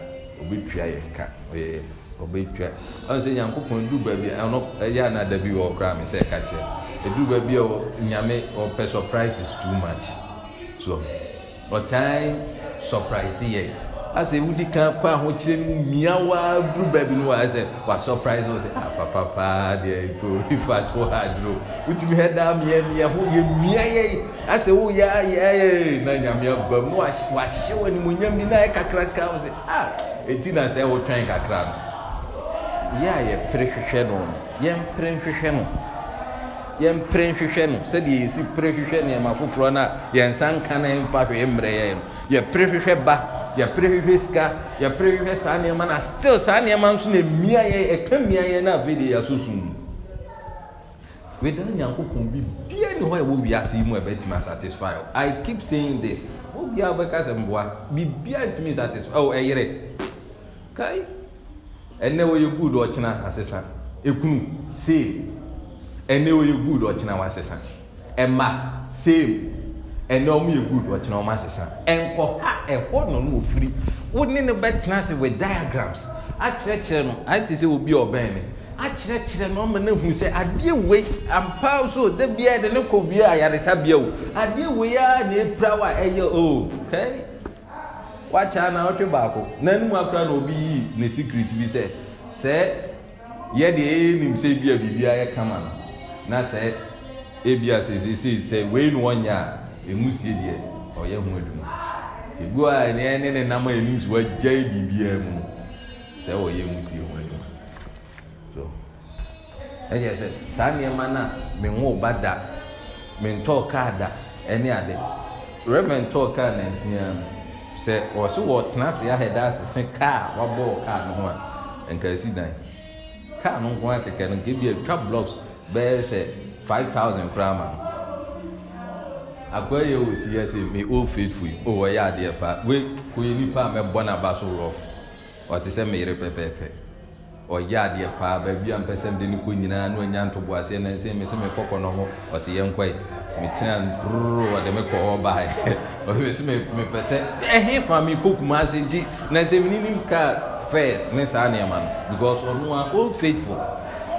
ɔbɛtua yɛn ka ɔyɛ ɔbɛtua ɔno sɛ nyankopɔn du baabi ɛno ɛyɛ anadabi wɔ koraa me sɛ ɛka kyerɛ ɛduru baabi a nyame ɔpɛ surprise is too much so ɔtan surprise yɛ asɛ wodi kan kɔ ahokyere mu mia waa duru baabi no waa sɛ wa surprise wɔ sɛ ah papa paa deɛ ipo ifa to ha aduro wotumi hɛ daa mia mia ho yɛ mia yɛ asɛ wo yɛ ayɛ na nyame aba mu wahyɛ wɔ animonyam bi na ayɛ kakraka wɔ sɛ ah eti na sɛ wotwɛn kakra no yɛ a yɛ pere hwehwɛ no yɛn pere hwehwɛ no yɛmpere nhwehwɛ no sɛdeɛ yɛsi pere hwehwɛ nneɛma foforɔ no a yɛnsa nka na yɛmfa hwee mmerɛ yɛn no yɛpere hwehwɛ ba yɛpere hwehwɛ sika yɛpere hwehwɛ saa nneɛma na still saa nneɛma nso na mmia yɛ ɛka mmia yɛ na afei deɛ yɛaso sum mu weda nyankopɔn bi bia ne hɔ a ɛwɔ wiase yi mu ɛbɛtumi asatisfy i keep saying this obiara bɛka sɛ mboa biribia ntumi satisfy o ɛyere kai ɛnɛ wɔyɛ good ɔkyena asesa ekunu see ɛnna wɔyɛ good ɔkyena wɔn asesa ɛma same ɛnna wɔn yɛ good ɔkyena wɔn asesa ɛnkɔ ha ɛhɔ na wɔn ofiri wɔn ne no bɛtena ase with diagrams akyerɛkyerɛ no ate sɛ obi ɔbɛn mi akyerɛkyerɛ no ɔma no hu sɛ adeɛ wei ampa so da bia de ne kɔ wie a yaresa bia o adeɛ wei a na epira wa ɛyɛ o oh, kɛi wakyɛ na ɔtwe baako na anim akora na obi yi ne secret bi sɛ sɛ yɛ deɛ ɛyɛ nim sɛ bia biribiara yɛ kama no na sɛ ebia sesesei sɛ wei ne ɔnyɛ a ɛmu sie deɛ ɔyɛ ho adwuma nti a ɛneɛ ne ne nam a ɛnim so wagyae biribiara mu no sɛ ɔyɛ mu sie ho adwuma so ɛyɛ sɛ saa nneɛma no a me ho ba da mentɔɔ kaa da ɛne ade rɛmɛn tɔɔ kaa nansia no sɛ ɔso wɔtena ase ahɛda asese kaa wabɔɔ kaa no ho a nkaasi dan kaa no nko akɛkɛ no bi atwa blocks bɛyɛ sɛ five thousand koraa ma akɔyɛ wɔ si yɛ sɛ me old faithful yi o wɔyɛ adeɛ pa we koyɛ nipa a mɛbɔ n'aba so rɔf ɔte sɛ meyere pɛpɛɛpɛ ɔyɛ adeɛ paa baabi a mpɛ sɛ mde ne kɔ nyinaa na ɔnya ntobo aseɛ na nsɛm me sɛ mekɔkɔ no ho ɔse yɛnkɔe metena brrr ɔde mekɔ hɔ baeɛ ɔbɛ sɛ mepɛ sɛ ɛhe fa mekɔkuma ase nti na nsɛm ne nim kaa fɛ ne saa nneɛma no because ɔno a old faithful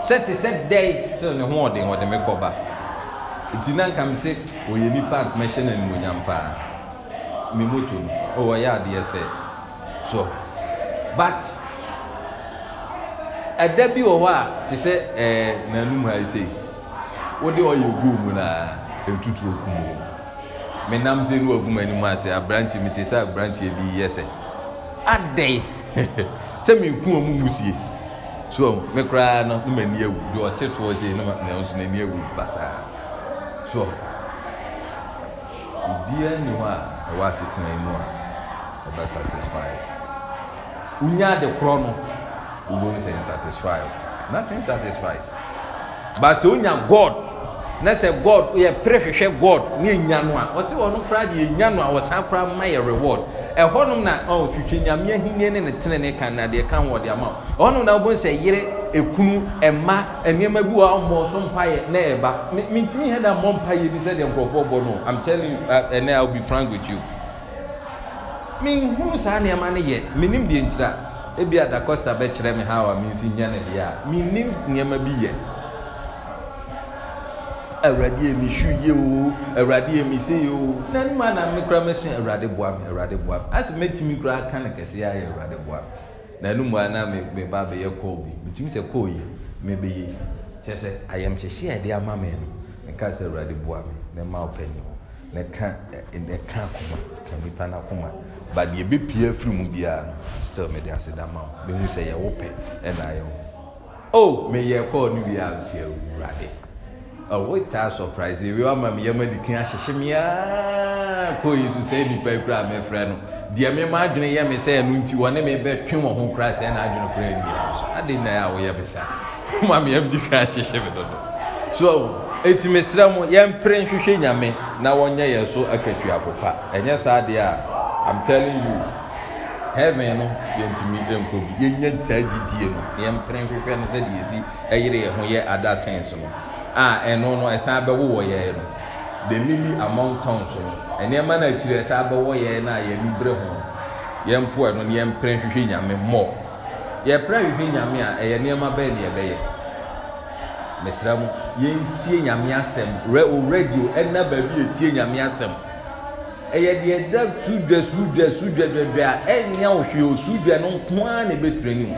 sɛ te sɛ dɛn still ne ho ɔden ɔde me kɔ ba nti na nka me sɛ ɔyɛ nipa a mɛhyɛ no animonyam paa me moto no oh, ɔwɔ yɛ adeɛ sɛ so but ɛda bi wɔ hɔ a te sɛ ɛɛ eh, nanum ha ɛsɛ wode ɔyɛ goal mu na ɛtutu okum o me nam sɛ no wagu m'anim ase aberante me te sɛ aberanteɛ bi yɛ sɛ adɛn sɛ meku ɔmo mu sie so me koraa no ne m'ani awu deɛ ɔte toɔ sei ne ne nso n'ani awu basaa so obiara ni hɔ a ɛwɔ asetena yi mu a ɛbɛ satisfy wonya ade korɔ no wobɛhu sɛ insatisfy nothing satisfies but sɛ wonya god na sɛ god yɛ pere hwehwɛ god ne ɛnya no a ɔse wɔ no koraa deɛ ɛnya no a wɔsan koraa ma yɛ reward ɛhɔnom na ɔtwitwi nyame ahenni ne ne tenene ka na deɛ ka wɔde ama wo ɛhɔnom na wobɛhu sɛ yere ɛkunu ɛma nneɛma bi wɔ ɔmmɔ so mpayɛ na ɛba mentumi na da mpa mpayɛ bi sɛdeɛ nkurɔfoɔ bɔ no i'm telling you uh, and i'll be frank with you menhunu saa nneɛma no yɛ menim deɛ nkyira ebi adakosta bɛkyerɛ me ha a mensi nyɛ ne deɛ a menim nneɛma bi yɛ awurade emi su yie o awurade emi se yie o na ne mu anam ne kura me so awurade boa me awurade boa me asi metumi kura aka ne kɛse ayɛ awurade boa me na ne mu anam me me ba bɛyɛ kɔɔ bi metumi sɛ kɔɔ yi me bɛyɛ kyerɛ sɛ ayamhyehye a yɛde ama me no ne ka sɛ awurade boa me ne ma ɔpɛni hɔ ne ka ne ka akoma ka nipa n'akoma ba deɛ ebepie afiri mu biara no still me de ase da ma o mehu sɛ yɛwo pɛ ɛna ayɛ wo o oh, meyɛ kɔɔ no biara si awurade ɔwɔ taa surprise ewi ama mi yɛm adi kan ahyehyɛ mi aa yi so sɛ nipa kura mi frɛ no deɛ mi ma adwene yɛ mi sɛ ɛnu nti wɔn ne mi bɛ twe wɔn ho kura sɛ ɛna adwene kura ɛnu yɛ so adi nna yɛ a mi saa ɔma mi yɛm di kan ahyehyɛ mi dodo so eti mi srɛ mo yɛn pere nhwehwɛ nyame na wɔnyɛ yɛn so akatua popa ɛnyɛ saa deɛ a i'm telling you heaven no yɛntumi nkɔ bi yɛnyɛ ntaa gyidie no yɛn pere nhwehwɛ no sɛ deɛ esi ɛyere yɛn ho yɛ ada tens no a ɛno no ɛsan bɛwo wɔ yɛn no the lily among tongues no nneɛma no akyiri ɛsan bɛwɔ yɛn no a yɛn bere ho yɛn po ɛno na yɛn pere hwehwɛ nyame mmɔ yɛpere hwehwɛ nyame a ɛyɛ nneɛma bɛyɛ ne yɛbɛyɛ mesra mu yɛn tie nyame asɛm rɛ o radio ɛna baabi yɛ tie nyame asɛm ɛyɛ deɛ da sudwa sudwa sudwa dwadwa a ɛnya ohwee o sudwa no nko ara na ebɛtura anim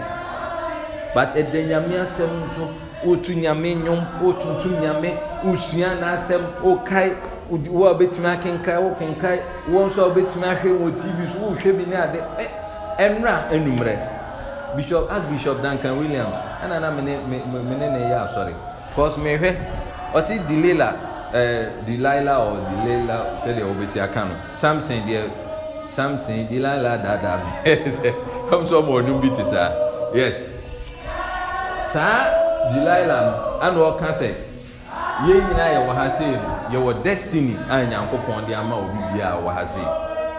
but ɛda nyame asɛm nso wotu nyame nnwom wotuntum nyame wosua n'asɛm wokae wo a wobɛtumi akenkae wokenkae wɔn nso a wobɛtumi ahwɛ wɔ tv so wohwɛ bi ne ade e, ɛnra anummerɛ bishop archbishop duncan williams ɛna na mene mene ne yɛ asɔre cause mehwɛ ɔsi delila delila or delila sɛdeɛ wobɛsi aka no samson deɛ samson delila daadaa bi ɛsɛ kɔm sɛ ɔmo ɔdun bi ti saa yes saa delila no ana ɔka sɛ yɛn nyinaa yɛwɔ ha sei no yɛwɔ destiny a nyankopɔn de ama obi biara wɔ ha sei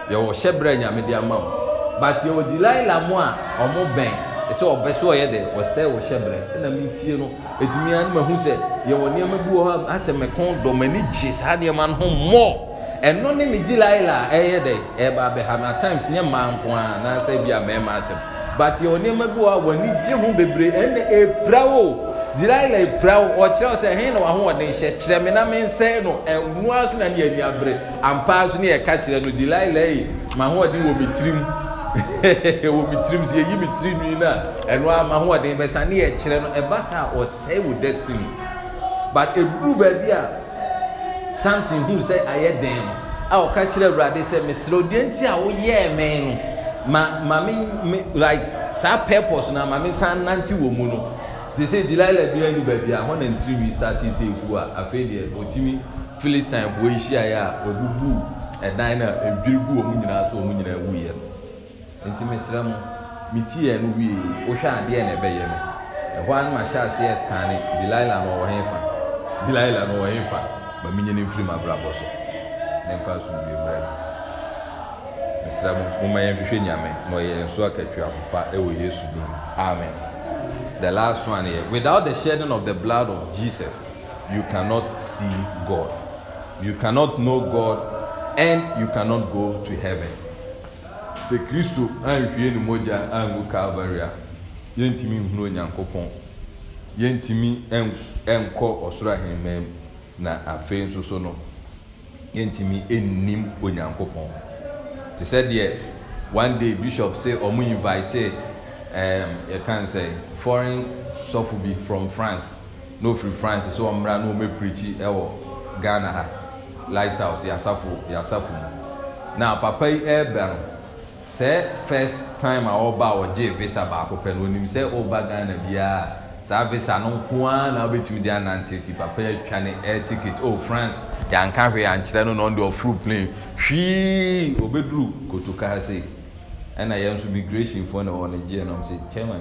yɛwɔ hyɛbrɛ nyame de ama wo but yɛwɔ delila mu a ɔmo bɛn ɛsɛ ɔbɛ so ɔyɛ dɛ ɔsɛe wɔ hyɛbrɛ ɛna mi tie no etumi anum ehu sɛ yɛwɔ nneɛma bi wɔ hɔ asɛ mɛkɔn dɔm ani gye saa nneɛma no ho mɔɔ ɛno ne me delila ɛyɛ dɛ ɛba abɛha na times nyɛ mmaa nko a nansɛ bi a mɛɛma asɛm but yɛwɔ nneɛma bi wɔ a wɔn ani gye ho bebree ɛna epira wo delila epira wo ɔkyerɛ wo sɛ hen na wahoɔden hyɛ kyerɛ me na me nsɛn no ɛnua e, so na ne yɛ nuabere ampaa so ne yɛka kyerɛ no delila yi mahoɔden wɔ me tirim wɔ me tirim sɛ yɛyi me tirim yi na ɛnua mahoɔden bɛsa ne yɛ kyerɛ no ɛba e saa ɔsɛe wo destiny but eduru baabi a samson hu sɛ ayɛ den no a ɔka kyerɛ awurade sɛ mesrɛ odeɛ nti a woyɛɛ me no ma ma me like saa purpose na ma me san nante wɔ mu no sese delilah bi adu baabi a hɔn na ntiri wi starting se efu a afei deɛ otimi philistine fo ehyia yɛ a obubu ɛdan na edwiri gu wɔn nyinaa so wɔn nyinaa wu yɛ no nti mesra mu mi ti yɛ no wie wohwɛ adeɛ na ɛbɛyɛ no ɛhɔ ano ma hyɛ aseɛ scanning delilah na ɔwɔ hɛn fa delilah na ɔwɔ hɛn fa ma mi nye ne nfiri ma abrabɔ so ne nfa so wie mmerɛ mu mesra mu mo ma yɛn hwehwɛ nyame na ɔyɛ nso akatua papa ɛwɔ yesu dim amen the last one here. Without the shedding of the blood of Jesus, you cannot see God. You cannot know God and you cannot go to heaven. Sɛ Kristo anhwie ne mogya angu Calvary a, yɛntumi nhunu Onyankopɔn. Yɛntumi nkɔ ɔsoro ahemman mu. Na afei nso so no, yɛntumi nnim Onyankopɔn. Te sɛ deɛ one day bishop say ɔmo invite yɛka n sɛ foreign sɔfo bi from france no ofiri france So sɛ ɔmmra na ɔmɛpirikyi ɛwɔ ghana ha lighthouse yasafo yasafo mu na papa yi eh, ɛɛbɛ no sɛ first time a ɔba a ɔgye visa baako pɛ no onim sɛ ɔba oh, ghana biara saa visa no nko ara na ɔbɛtumi de anante ti papa yi atwa ne air ticket oh france yanka hwee ankyerɛ no na ɔde ɔfuru plane hwii obɛduru kotoka ha sei ɛna yɛn nso migration foɔ na wɔn agye ɛnam sɛ chairman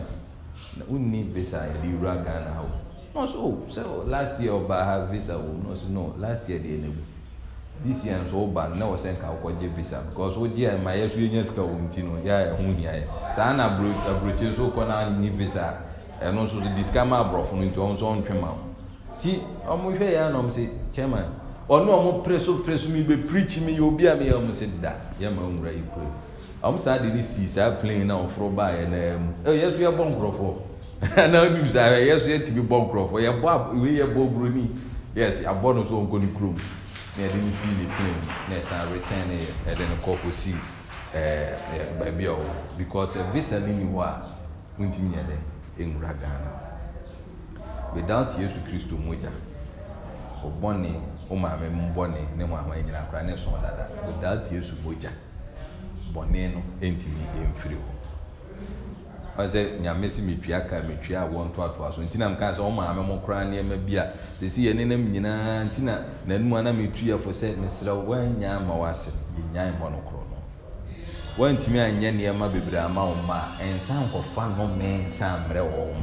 na wunni visa yɛde wura ghana hɔ oh. nɔɔso o sɛ last year ɔbaa ha visa wɔ oh. nɔɔso no last year deɛ n'abu this year nso ɔba na wɔsɛ nka ɔkɔgye visa because wɔgye a ma yɛ so yɛ nyɛ sika wɔn ti no yɛ a ɛho nia yɛ saa na aburokye nso kɔ na nyi visa ɛno nso de sika ma aborɔfo no nti wɔn nso ɔntwe ma ti wɔn hwɛ yɛ anam sɛ chairman ɔno wɔn pere so pere so mi bɛ preach mi yɛ obi a mi yɛ wɔn sɛ da yɛ ma nwura yi kure ɔmo saa de ne si saa plane na ɔforo baa yɛ nan mu ɛyɛ yɛ so yɛ bɔ nkorɔfoɔ na onim saa yɛ yɛ so yɛ tìmi bɔ nkorɔfoɔ yɛ bɔ awi yɛ bɔ oburoni yɛs abɔ no so nkɔ ne kurom na yɛde ne si ne plane na yɛsan return ne yɛ yɛde ne kɔ kɔsi ɛɛ baabi a ɔwɔ uh, oh, because visa ne ni hɔ a ntumi yɛ dɛ nwura Ghana without Yesu Kristo mogya ɔbɔne ɔmaame mbɔne ne maame nyinaa koraa ne sɔn dada without Yesu mogya bɔne no ntumi mfiri hɔ wọn sɛ nyame si metwia ka metwia a wɔn toatoa so ntina nka sɛ wɔn maame mo koraa nneɛma bi a sisi yɛ nenam nyinaa ntina n'anum anam etu yɛ fo sɛ mesrɛ wɔn nya ama w'ase yɛnyan bɔ no korɔ no wɔntumi anyɛ nneɛma bebree ama wɔn ma nsa nkɔfa nnome nsa mmerɛ wɔn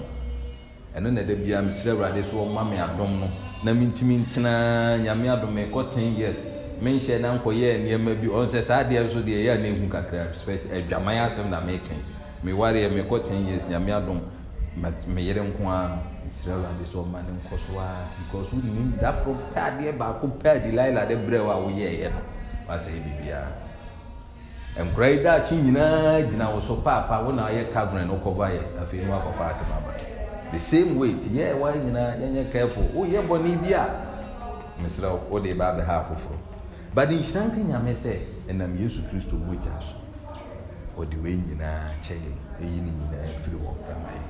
ɛno na ɛda bia mesrɛ awurade so wɔn ma me adom no na me ntumi ntena nyame adom me ten years menhyɛ na nkɔyɛ nneɛma bi ɔn saa adeɛ nso deɛ yɛ a na ehu kakra respect adwaman eh, asɛm na meka me wareɛ me kɔ ten years nyame adom me yere nko ara nsira awurade sɛ ɔma ne nkɔ so ara because wonim da koro pɛ adeɛ baako pɛ adelaila de brɛ wo a woyɛɛyɛ no wasɛ biribiara nkura yi da nyinaa gyina wɔ so paapa wɔn na yɛ cabinet no kɔba yɛ afei no akɔfa asɛm aba the same way ti yɛ ɛwɔ nyinaa yɛnyɛ careful woyɛ bɔ ne bi a mesrɛ wo de ba abɛha afoforɔ but nhyira nka nyame sɛ ɛnam yesu kristo mogya so ɔde wei nyinaa kyɛ ɛyi ne nyinaa firi wɔ kraman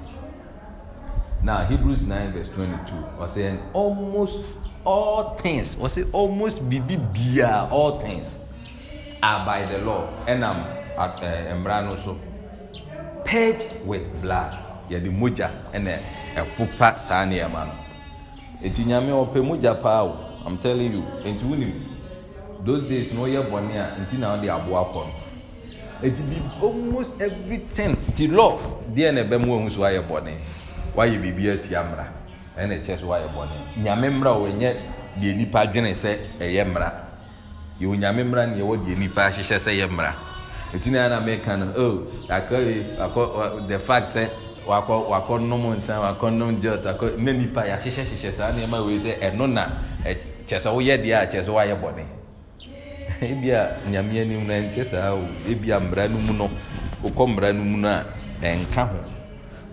now hebrews 9 verse 22 ɔsɛ almost all things ɔsɛ almost biribi biara all things are by the law ɛnam eh, mmara no so purge with blood yɛde mogya ɛna ɛpopa saa nneɛma no eti nyame ɔpɛ mogya paa o am telling you nti wunim. those days na ɔyɛ bɔne a nti na ɔde dị abụọ no eti bi almost everything ti love deɛ na ɛbɛ mu ohun so ayɛ bɔne wayɛ biribi ati amra ɛna ɛkyɛ so wayɛ bɔne nyame mmra wɔnyɛ deɛ nipa dwene sɛ ɛyɛ nyame na yɛwɔ deɛ nipa ahyehyɛ sɛ yɛ eti na yɛn na no oh akɔ akɔ the fact sɛ wakɔ wakɔ nom nsa wakɔ nom ne nipa hyehyɛ saa nneɛma na ɛkyɛ sɛ woyɛ a wayɛ ebi a nyame anim no ɛnkyɛ saa o ebi a mmara no mu no okɔ no mu no a nka ho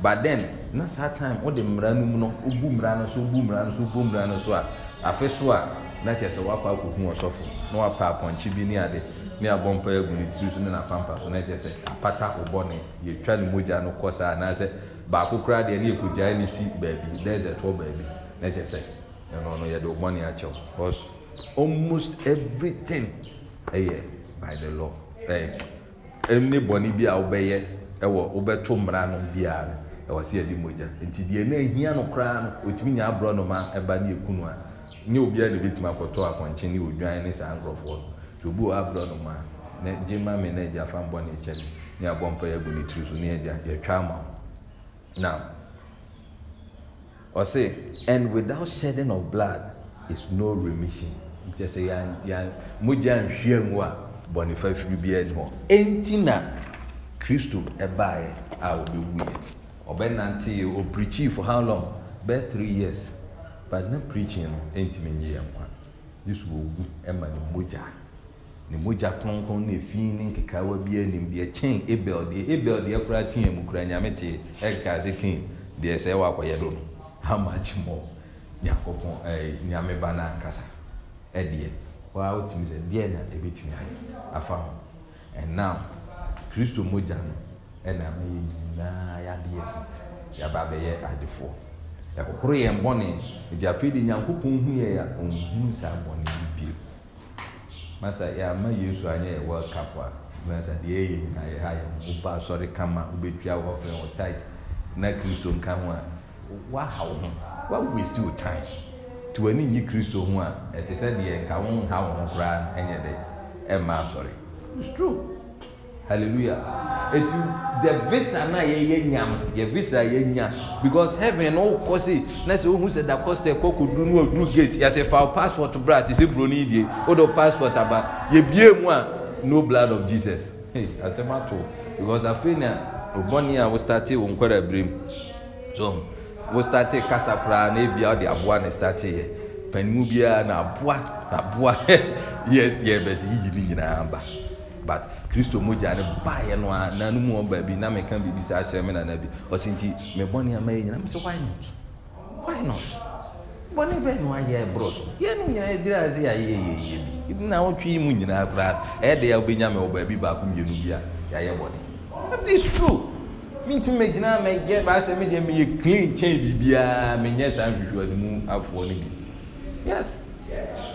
but then na saa time wode mbra no mu no ogu mmara no a afe so a na kyerɛ sɛ wakɔ akɔhu ɔsɔfo na apɔnkye bi ne ade na apata yɛtwa ne mogya no kɔ saa baako deɛ ne ne si baabi desert na sɛ no yɛde akyɛw because almost everything ɛyɛ by the law ɛyɛ ɛm ne bɔnne bi a wobɛyɛ ɛwɔ wobɛto mmara no biara ɛwɔ si ɛdi mogya nti deɛ na ehia no koraa no otumi nya aborɔ no ma ɛba e ne ekunu a ne obiara de bi tuma akɔtɔ akɔnkye ne odwan ne saa nkorɔfoɔ no te obi wɔ aborɔ no ma ne gye ma mi na ɛgya fa mbɔ ne nkyɛn ne abɔ mpa yɛ gu ne tiri so ne ɛgya yɛtwa ama o na ɔsi and without shedding of blood is no remission. kyɛ sɛ mogya nhwia mu a bɔne fa firi biaa nim hɔ ɛnti na kristo ɛbaeɛ a ɔbɛwuiɛ o ɔpreachii for how long bɛɛ 3 years but na preaching no ɛntimi nye yɛ nkwa yesu wɔwu ma ne mogya ne mogya kronkron ne ɛfii ne nkekaawa biaa nim deɛ kyɛn ebel deɛ abel deɛ koraa tea mu kora nyame tee ɛkekaa sɛ ken deɛ sɛ ɛwɔ akɔyɛ do no how much more nyankopɔn nyame ba no ɛdeɛ waa wotumi sɛ deɛ na ebetumi ayɛ afa ho ɛnam kristo mogya no ɛna ama yɛ nyinaa yadeɛ yaba abɛyɛ adefoɔ yɛkɔkoro yɛn bɔne nti afei de nyankopɔn hu yɛ a ɔnhunu saa bɔne yi bie masa yɛama yesu anya yɛ world cup a masa deɛ ɛyɛ nyinaa yɛ ha yɛ woba asɔre kama wobɛtua wɔfrɛ wɔ tight na kristo nka ho a waha wo ho wa waste your time nti w'ani nyi kristo ho a ɛte sɛ deɛ nka wɔn nha wɔn ho koraa ɛnyɛ dɛ ɛmma asɔre it's true hallelujah eti the visa na yɛyɛ nyam The visa yɛnya because heaven no kɔ se na sɛ ohun sɛ dakɔ sɛ kɔkɔ duru no oduru gate yasɛ fa passport bra te sɛ buroni die o oh, de passport aba yɛbie mu a no blood of jesus hey asɛm ato because afei na ɔbɔnni a wɔstate wɔn kɔda birim so wo starte kasa koraa na ebia ɔde aboa na starte yɛ panimu biara na aboa na aboa yɛ yɛ bɛ yiyi ne nyinaa ba but kristo mogya ne baayɛ no a na no mu wɔ baabi na meka biribi saa kyerɛ me nana bi ɔsi nti me bɔne ama yɛ nyinaa mesɛ why not why not bɔne bɛn no ayɛ ɛborɔ so yɛ no nyinaa ɛdira ase yɛ ayɛ yɛyɛ bi na wotwe yi mu nyinaa koraa ɛyɛ de yɛ wobɛnya me wɔ baabi baako mmienu bi a yɛayɛ bɔne that is true mintumi megyina megyɛ baasa mi deɛ meyɛ clean kyɛn biribiara menyɛ saa nhwehwɛnimu afoɔ no bi yes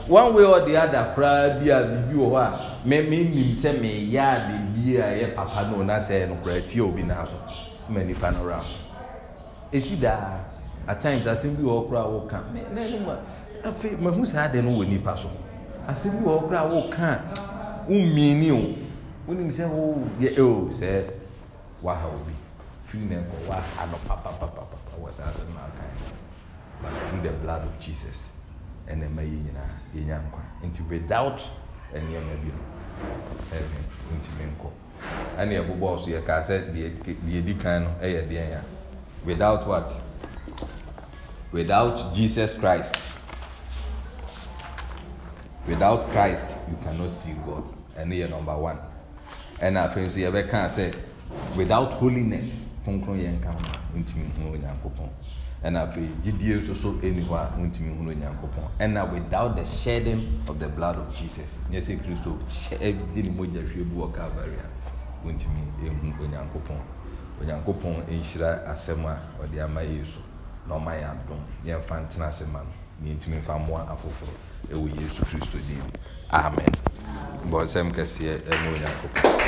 one way or the other koraa bi a biribi wɔ hɔ a mɛ menim sɛ meyɛ a biribi a ɛyɛ papa no na sɛ no koraa tie obi na so ma nipa no ra esu daa at times asɛm bi wɔ hɔ koraa wɔka mɛ n'anim a afei mahu saa de no wɔ nipa so asɛm bi wɔ hɔ koraa wɔka a wummiini o wonim sɛ wo yɛ o sɛ waha obi. firi na nkɔwa ano papapapapa wɔ saa asɛm na aka but through the blood of jesus ɛna ɛma yi nyinaa yɛnya nkwa nti without nneɛma bi no ɛne ntumi nkɔ ɛne ɛbobɔ so yɛkaa sɛ deɛ di kan no ɛyɛ deɛn a without what without jesus christ without christ you cannot see god ɛne yɛ number one And I ɛna afei nso can say, without holiness kronkron yɛ nka ho a wontumi hunu onyankopɔn ɛna afei gyidie nso so ɛni hɔ a wontumi hunu onyankopɔn ɛna without the shedding of the blood of jesus nyɛ sɛ kristo ɛgye eh, ne mogya hwie bi wɔ calvary a wontumi ɛhu onyankopɔn onyankopɔn nhyira asɛm a ɔde ama yɛ so na ɔma yɛ adom yɛmfa ntena ase ma no ne ntumi mfa mmoa afoforɔ ɛwɔ yesu kristo din amen bɔnsɛm kɛseɛ ɛne onyankopɔn